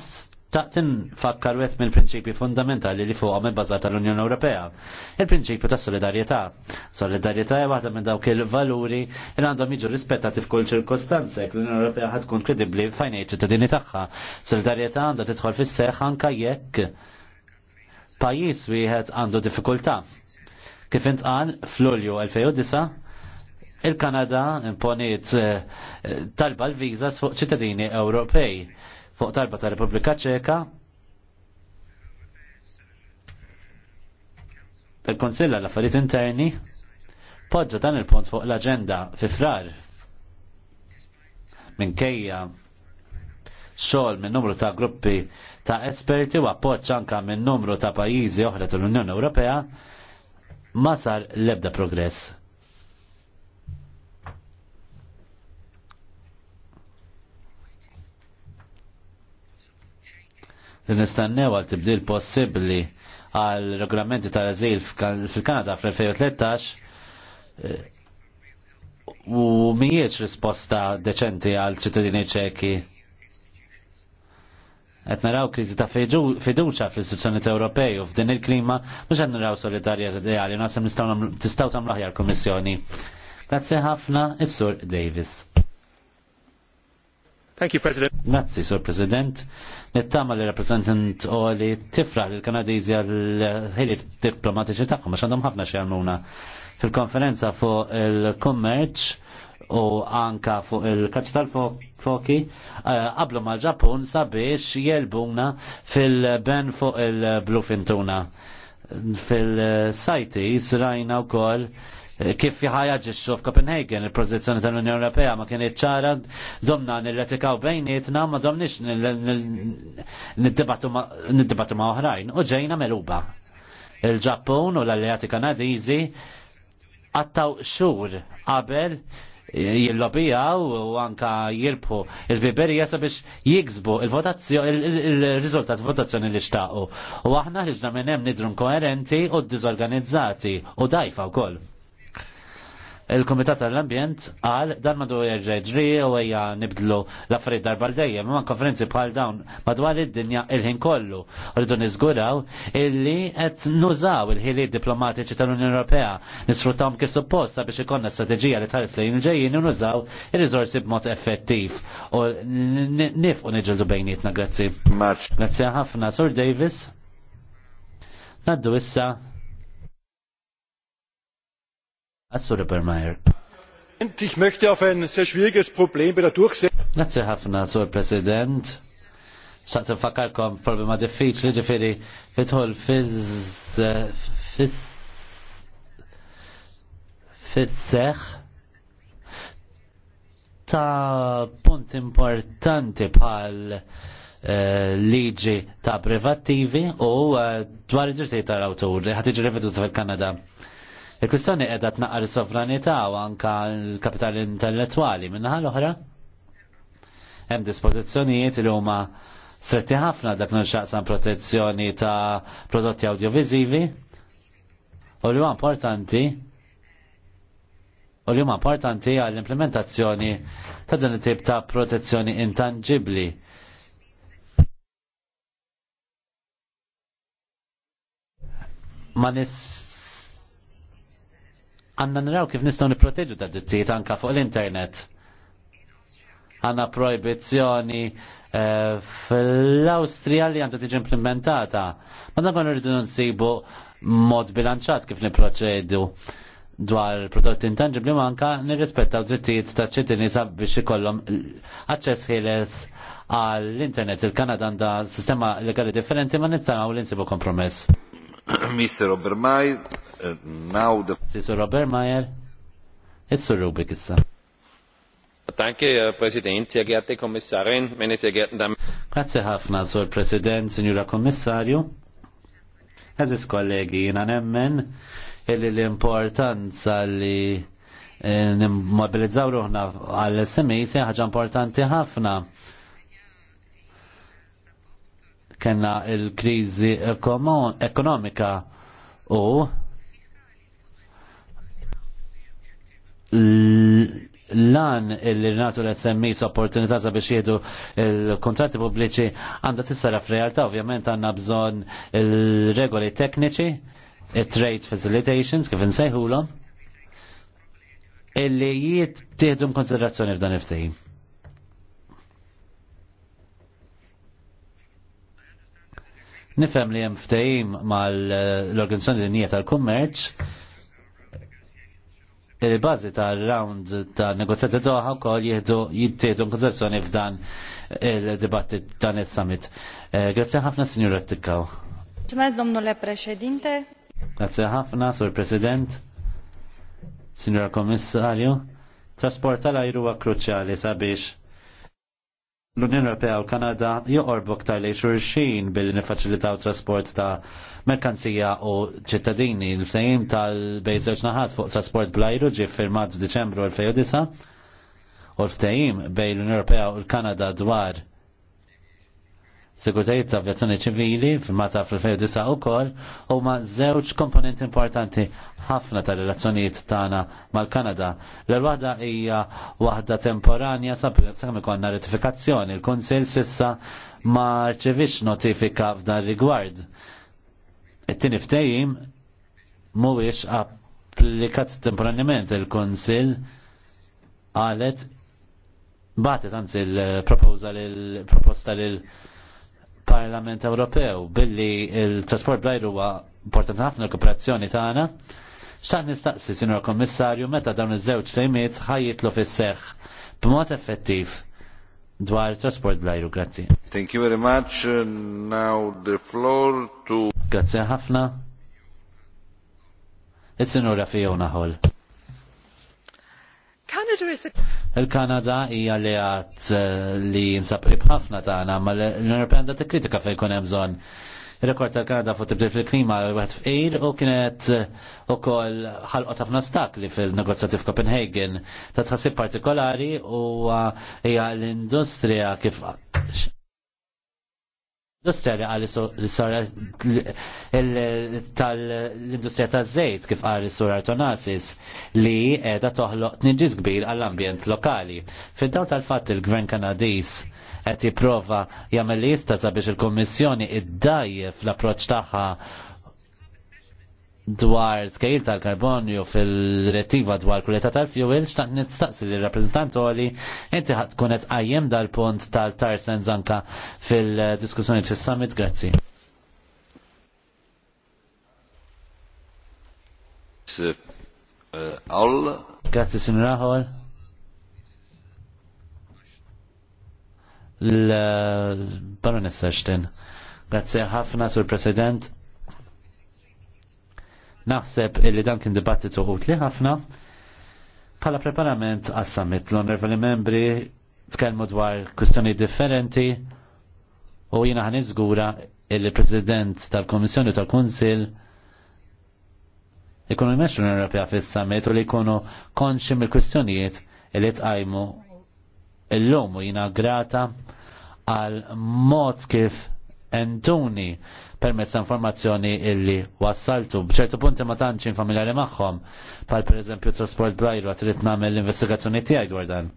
taqtin fakkar wet mill prinċipi fundamentali li fuqhom il-bażata l-Unjoni Ewropea. Il-prinċipju ta' solidarjetà. Solidarjetà hija waħda minn dawk il-valuri li għandhom jiġu rispettati f'kull ċirkostanze jekk l-Unjoni Ewropea ħad tkun kredibbli fejn ċittadini tagħha. Solidarjetà għandha tidħol fis-seħħ anke jekk pajjiż wieħed għandu diffikultà. Kif intqal fl-Ulju 2009 il-Kanada imponiet eh, talba l-viżas fuq ċittadini Ewropej fuq Tarba ta' Repubblika Ċeka il-Konsilla l-Affarijiet Interni poġġa dan il-punt fuq l-aġenda fi frar minkejja xogħol minn numru ta' gruppi ta' esperti u appoġġ anka minn numru ta' pajjiżi oħra tal-Unjoni Ewropea ma sar l-ebda progress. li nistennew għal tibdil possibbli għal regolamenti tal-azil fil-Kanada fl-2013 eh, u mhijiex risposta deċenti għal ċittadini ċeki. Qed naraw kriżi ta' fiduċa fl-istituzzjonijiet Ewropej u f'din il-klima mhux qed naraw solidarja ideali, naħseb nistaw tistgħu tagħmlu aħjar kummissjoni. Grazzi ħafna, is-Sur Davis. Thank you, President. Grazzi, Sur President. Nittama li rappresentant u li tifra li l-Kanadizi għal-ħiliet diplomatiċi tagħhom għax għandhom ħafna xie għalmuna fil-konferenza fuq il-kummerċ u anka fuq il-kaċ tal-foki eh, qablu mal-Ġapun sabiex jelbuna fil-ben fuq il blufintuna fintuna fil s rajna u koll kif ħajġiċu f'Copenhagen il-pozizjoni tal-Unjoni Ewropea ma kienet ċara domna nirretikaw bejnietna ma domnix nid-dibattu ma' oħrajn u ġejna meluba. Il-Ġappun u l-Alleati Kanadizi għattaw xur qabel jillobijaw u anka jirbħu il-biberija sabiex jiksbu il-rizultat votazzjoni li xtaqu. U aħna ħiġna minn hemm nidru koerenti u dizorganizzati u dajfa wkoll il-Komitat tal-Ambjent għal dan madu ġri u għajja nibdlu l-affarijiet darba l-dejjem, ma' konferenzi bħal dawn madwar id-dinja il-ħin kollu. Rridu niżguraw illi qed nużaw il-ħiliet diplomatiċi tal-Unjoni Ewropea, nisfruttawhom kif supposta biex ikonna strateġija li tħares lejn il-ġejjin u nużaw ir-riżorsi b'mod effettiv u nifqu niġġeldu bejnietna, grazzi. Grazzi ħafna, Sur Davis. Naddu issa Assur Ich möchte auf ein sehr schwieriges Problem bei der Durchsetzung. Grazie ħafna, Sur President. Xaqt nfakkarkom problema diffiċli ġifiri fitħol fizz fizz ta' punt importanti pal eh, liġi ta' privattivi u eh, dwar iġirti tal-awtur li ħat iġri fil-Kanada. Il-kwistjoni qiegħda tnaqar is-sovranità u anka l-kapital intellettwali minnaħa l-oħra. Hemm dispożizzjonijiet li huma stretti ħafna dak nixaqsam protezzjoni ta' prodotti audiovisivi u li huma importanti u li huma importanti għall-implementazzjoni ta' din it-tip ta' protezzjoni intangibbli. Ma nis għanna naraw kif nistaw niproteġu ta' dittijiet anka fuq l-internet. Għanna proibizjoni eh, fl-Austria li għandha tiġi implementata. Ma dan kon rridu nsibu mod bilanċat kif niproċedu dwar prodotti intangibli ma anka nirrispettaw drittijiet ta' ċittadini biex ikollhom aċċess ħieles għall-internet. Il-Kanada għandha sistema legali differenti ma nittamaw l-insibu kompromess. (clears throat) Mr. Obermeyer, uh, now the... Sisur Obermeyer, Sisur Rubik uh, Danke, Herr Präsident, sehr geehrte Kommissarin, meine sehr geehrten Damen. Grazie ħafna, Sur President, Signora Kommissarju. Eżis kollegi, jina nemmen illi l-importanza li eh, nimmobilizzaw ruħna għall-SMI e ħaġa importanti ħafna kena il-krizi ekonomika u lan il-natu l-SMI opportunità sabiex jiedu il-kontratti pubbliċi għanda tissara f'realtà, ovvjament għanna bżon il-regoli tekniċi, il-trade facilitations, kif nsejħulhom, illi jiet tieħdu konsiderazzjoni f'dan il-ftehim. Nifhem li hemm ftehim mal-Organizzazzjoni Dinjija tal-Kummerċ il-bazi tal-round ta' negozjati doħa u kol jihdu jittiedu konzerzazzjoni f'dan il-dibattit dan il-summit. Eh, Grazie ħafna, signora Tikkaw. Ċemez, domnule preċedinte. Grazie ħafna, sur president, signora komissarju. Trasport tal-ajru huwa kruċjali sabiex l-Unjoni Ewropea u Kanada joqorbu aktar li xurxin billi nifaċilitaw trasport ta' merkanzija u ċittadini. il fejn tal-bej żewġ naħat fuq trasport blajru ġie firmat f'Diċembru 2009 u l-ftehim bejn l-Unjoni Ewropea u l-Kanada dwar Sigurtajiet ta' avjazzjoni ċivili firmata fl-2009 ukoll huma żewġ komponenti importanti ħafna tar relazzjonijiet tagħna mal-Kanada. L-waħda hija waħda temporanja sakemm ikollna ratifikazzjoni. Il-Kunsill sissa ma rċevix notifika f'dan rigward. It-tieni ftehim mhuwiex applikat temporanjament il-Kunsill qalet batet anzi il lil proposta lil Parlament Ewropew billi il-trasport blajru huwa importanti ħafna l-kooperazzjoni tagħna. X'taħt nistaqsi, Sinjor Kommissarju, meta dawn iż-żewġ tajmiet ħajjitlu fis-seħħ b'mod effettiv dwar trasport blajru. Grazzi. Thank you very much. Now the floor to Grazzi ħafna. Is-Sinjura Rafija Hall. Canada is a Il-Kanada hija li għat eh, li jinsabqib ħafna tagħna, ma l-Unjoni Ewropea kritika tikkritika fejn bżon. hemm bżonn. rekord tal-Kanada fuq tibdil fil-klima għat f'il u kienet eh, ukoll ħalqot ħafna stakli fil-negozjati f'Copenhagen ta' tħassib partikolari u hija l-industrija kif Industrija għalli s-sora tal-industrija ta' zejt kif għalli s-sora Artonasis li edha toħloq nġiż kbir għall-ambjent lokali. Fid-daw tal-fatt il-Gvern Kanadis qed jipprova jagħmel li jista' sabiex il-Kummissjoni iddajjef l-approċċ tagħha dwar skajir tal-karbonju fil-rettiva dwar kuleta tal-fuel, xtaqt nistaqsi li rappresentant Oli inti ħat kunet għajjem dal-punt tal-tarsen zanka fil-diskussjoni fil-summit, grazzi. Uh, uh, grazzi, Sinu Raħol. L-baronessa uh, xten. Grazzi ħafna sur president Naħseb illi dan kien dibattitu utli ħafna. Bħala preparament għas-summit l-onorevoli membri tkellmu dwar kwistjoni differenti u jiena ħaniżgura il-President tal-Komissjoni tal-Kunsil ikunu jmexxu l Ewropea fis-summit u li jkunu konxi mill-kwistjonijiet li tqajmu illum u jiena grata għal mod kif entuni permezz informazzjoni illi wassaltu. Bċertu punti ma tantx familjari magħhom, pal per eżempju trasport brajru għat rrit nagħmel l-investigazzjoni tiegħi dwar dan.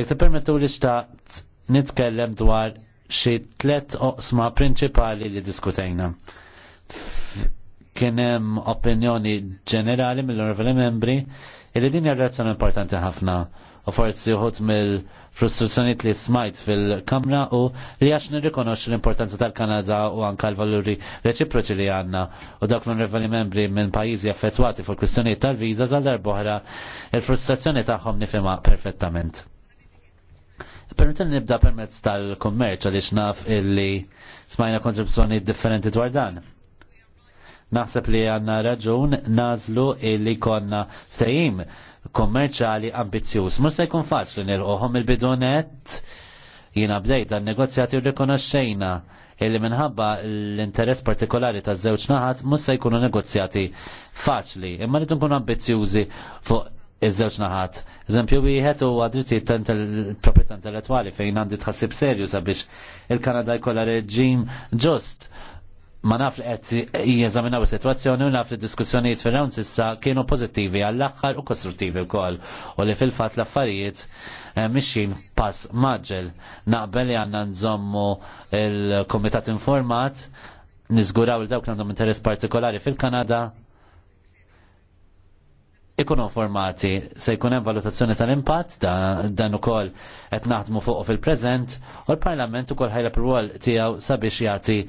Jek permettu li xtaqt nitkellem dwar xi tliet oqsma prinċipali li diskutejna. Kien hemm opinjoni ġenerali mill-Orveli membri Illi din jarrazzan importanti ħafna u forsi uħut mill-frustrazzjoniet li smajt fil-Kamra u li għax nirrikonox l-importanza tal-Kanada u anka l-valuri reċiproċi li għanna u dak l-onorevoli membri minn pajizi affettwati fuq kwistjoniet tal-viza zal boħra il-frustrazzjoni tagħhom nifhimha perfettament. Permetten nibda permezz tal-kommerċ għaliex naf illi smajna kontribuzzjoni differenti dwar dan. Naħseb li għanna raġun nażlu illi konna ftehim kommerċali ambizjuż. Mhux se jkun faċli nilqohom il bidonet jina bdejt dan negozjati u rikonoxxejna illi minħabba l-interess partikolari ta' żewġ naħat mhux se jkunu negozjati faċli, imma li tunkun ambizjużi fuq iż-żewġ naħat. Eżempju wieħed huwa dritti ta' proprjetà intellettwali fejn għandi tħassib serju sabiex il-Kanada jkollha reġim ġust ma naf li qed jeżaminaw is-sitwazzjoni u naf li diskussjonijiet fir-rawn s'issa kienu pożittivi għall-aħħar u kostruttivi wkoll u li fil-fatt l-affarijiet eh, mixin pass maġġel naqbel li għandna nżommu il-Komitat Informat niżguraw il dawk għandhom interess partikolari fil-Kanada ikunu formati se jkun hemm valutazzjoni tal-impatt dan ukoll qed naħdmu fuq fil-preżent u l-Parlament ukoll ħajlab ir-rwol tiegħu sabiex jagħti eh,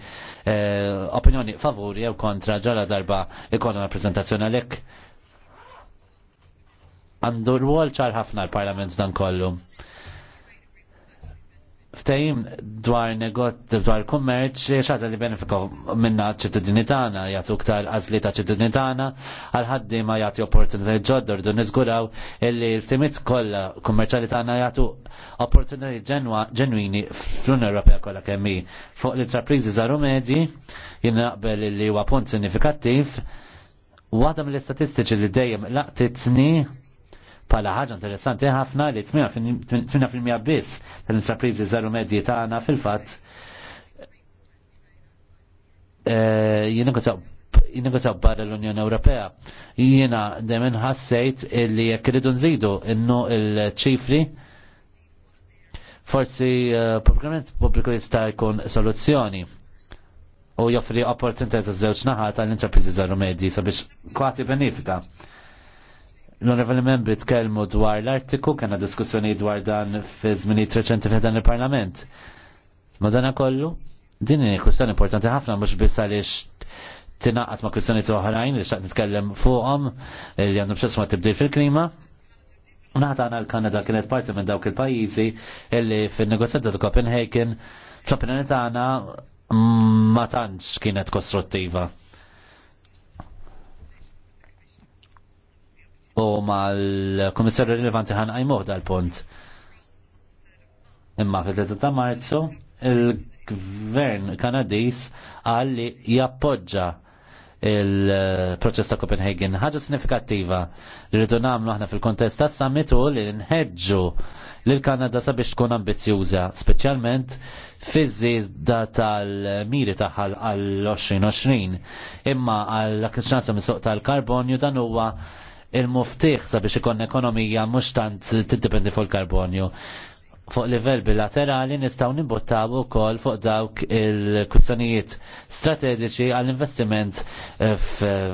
opinjoni favuri jew kontra ġala darba ikollna rappreżentazzjoni għalhekk għandu rwol ċar ħafna l-Parlament dan kollu ftajim dwar negot dwar kummerċ xaġa li benefika minna ċittadinitana, tagħna jagħtu ktar għazli ta' ċittadinitana, tagħna għal ħaddi ma jagħti opportunitaj ġodda rdu niżguraw illi l timit kollha kummerċali tagħna jagħtu opportunitajiet ġenwini fl-Unjoni Ewropea kollha kemm hi. Fuq l-intrapriżi zaru medji jgħinna naqbel li huwa punt sinifikattiv għadam l istatistiċi li dejjem laqtitni pala ħaġa interessanti ħafna li 8% biss tal-intrapriżi żaru medji tagħna fil-fatt eh, Jinnegozjaw barra l-Unjoni Ewropea. Jiena demen ħassejt li jekk iridu nżidu innu il-ċifri forsi eh, programment pubbliku jista' jkun soluzzjoni u joffri opportunità ta' żewġ naħat għall-intrapriżi żaru medji sabiex kwati benefika l-onorevoli membri tkellmu dwar l-artiku, kena diskussjoni dwar dan fi żminijiet reċenti fi il-Parlament. Madana kollu, din hija kwistjoni importanti ħafna mhux biss għaliex tinaqat ma' kwistjoni oħrajn li xaqt nitkellem fuqhom li għandhom xesma tibdil fil-klima. Naħta għana l-Kanada kienet parti minn dawk il-pajjiżi illi fin-negozjata ta' Copenhagen fl-opinjoni tagħna mm, ma tantx kienet kostruttiva u mal-komissarju rilevanti ħan għajmuħ dal-punt. Imma fil-3 ta' marzu il-gvern kanadis għalli jappoġġa il-proċess ta' Copenhagen. ħaġa sinifikattiva li rridu nagħmlu aħna fil-kontest tas summit u li nħeġġu l Kanada sabiex tkun ambizjuża, speċjalment fiż-żieda tal-miri tagħha għall-2020. Imma għall mis suq tal-karbonju dan huwa il-muftiħ sabiex ikon ekonomija mhux tant tiddependi fuq il-karbonju. Fuq livell bilaterali nistgħu nimbuttaw ukoll fuq dawk il-kwistjonijiet strateġiċi għall-investiment eh,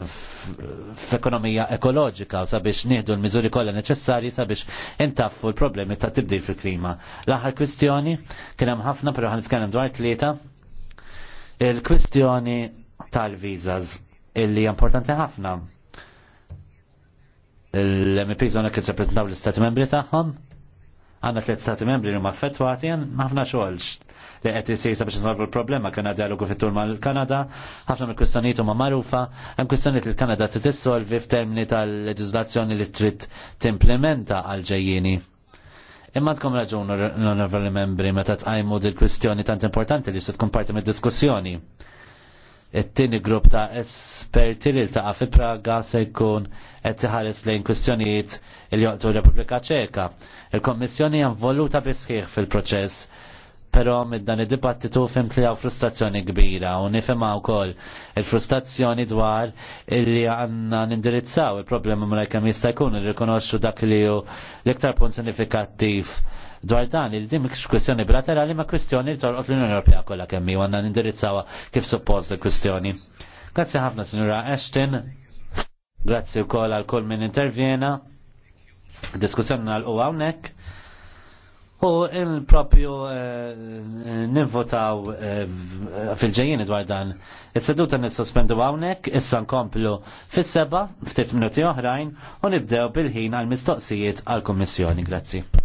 f'ekonomija ekoloġika u sabiex nieħdu l-miżuri kollha neċessarji sabiex intaffu l-problemi ta' tibdil fil-klima. L-aħħar kwistjoni kien hemm ħafna però ħan nitkellem dwar tlieta. Il-kwistjoni tal-viżas illi importanti ħafna l-MPs għana kħiċ rappresentaw l-Stati membri taħħom, għanna tliet Stati membri li maffettwati, ħafna xogħol li qed isejsa biex nsolvu l-problema kena dialogu fit-tul mal-Kanada, ħafna mill-kwistjonijiet huma magħrufa, hemm kwistjonijiet li kanada trid tissolvi f'termini tal-leġiżlazzjoni li trid timplementa għal ġejjini. Imma tkom raġun l onorvali membri meta tqajmu dil-kwistjoni tant importanti li se tkun parti mid-diskussjoni it-tieni grupp ta' esperti li ltaqa' fi Praga se jkun qed tiħares lejn kwistjonijiet il joqtu r-Repubblika Ċeka. Il-Kommissjoni hija involuta bisħieħ fil-proċess, però mid dan id-dibattitu fim frustrazzjoni kbira u nifhem wkoll il-frustrazzjoni dwar illi għandna nindirizzaw il-problema mela kemm jista' jkun irrikonoxxu dak li hu l-iktar punt sinifikattiv dwar dan li dim kwestjoni bilaterali ma' kwestjoni li torqod l-Unjoni Ewropea kollha kemm hi għandna nindirizzawha kif suppost il-kwestjoni. Grazzi ħafna Sinjura Ashton. Grazzi wkoll għal kull min intervjena. Diskussjoni għal huwa hawnhekk. U il-propju eh, nivvotaw eh, fil-ġejjien dwar dan. Is-seduta nissospendu hawnhekk, issa nkomplu fis-seba' ftit minuti oħrajn u nibdew bil-ħin għall mistoqsijiet għall kummissjoni Grazzi.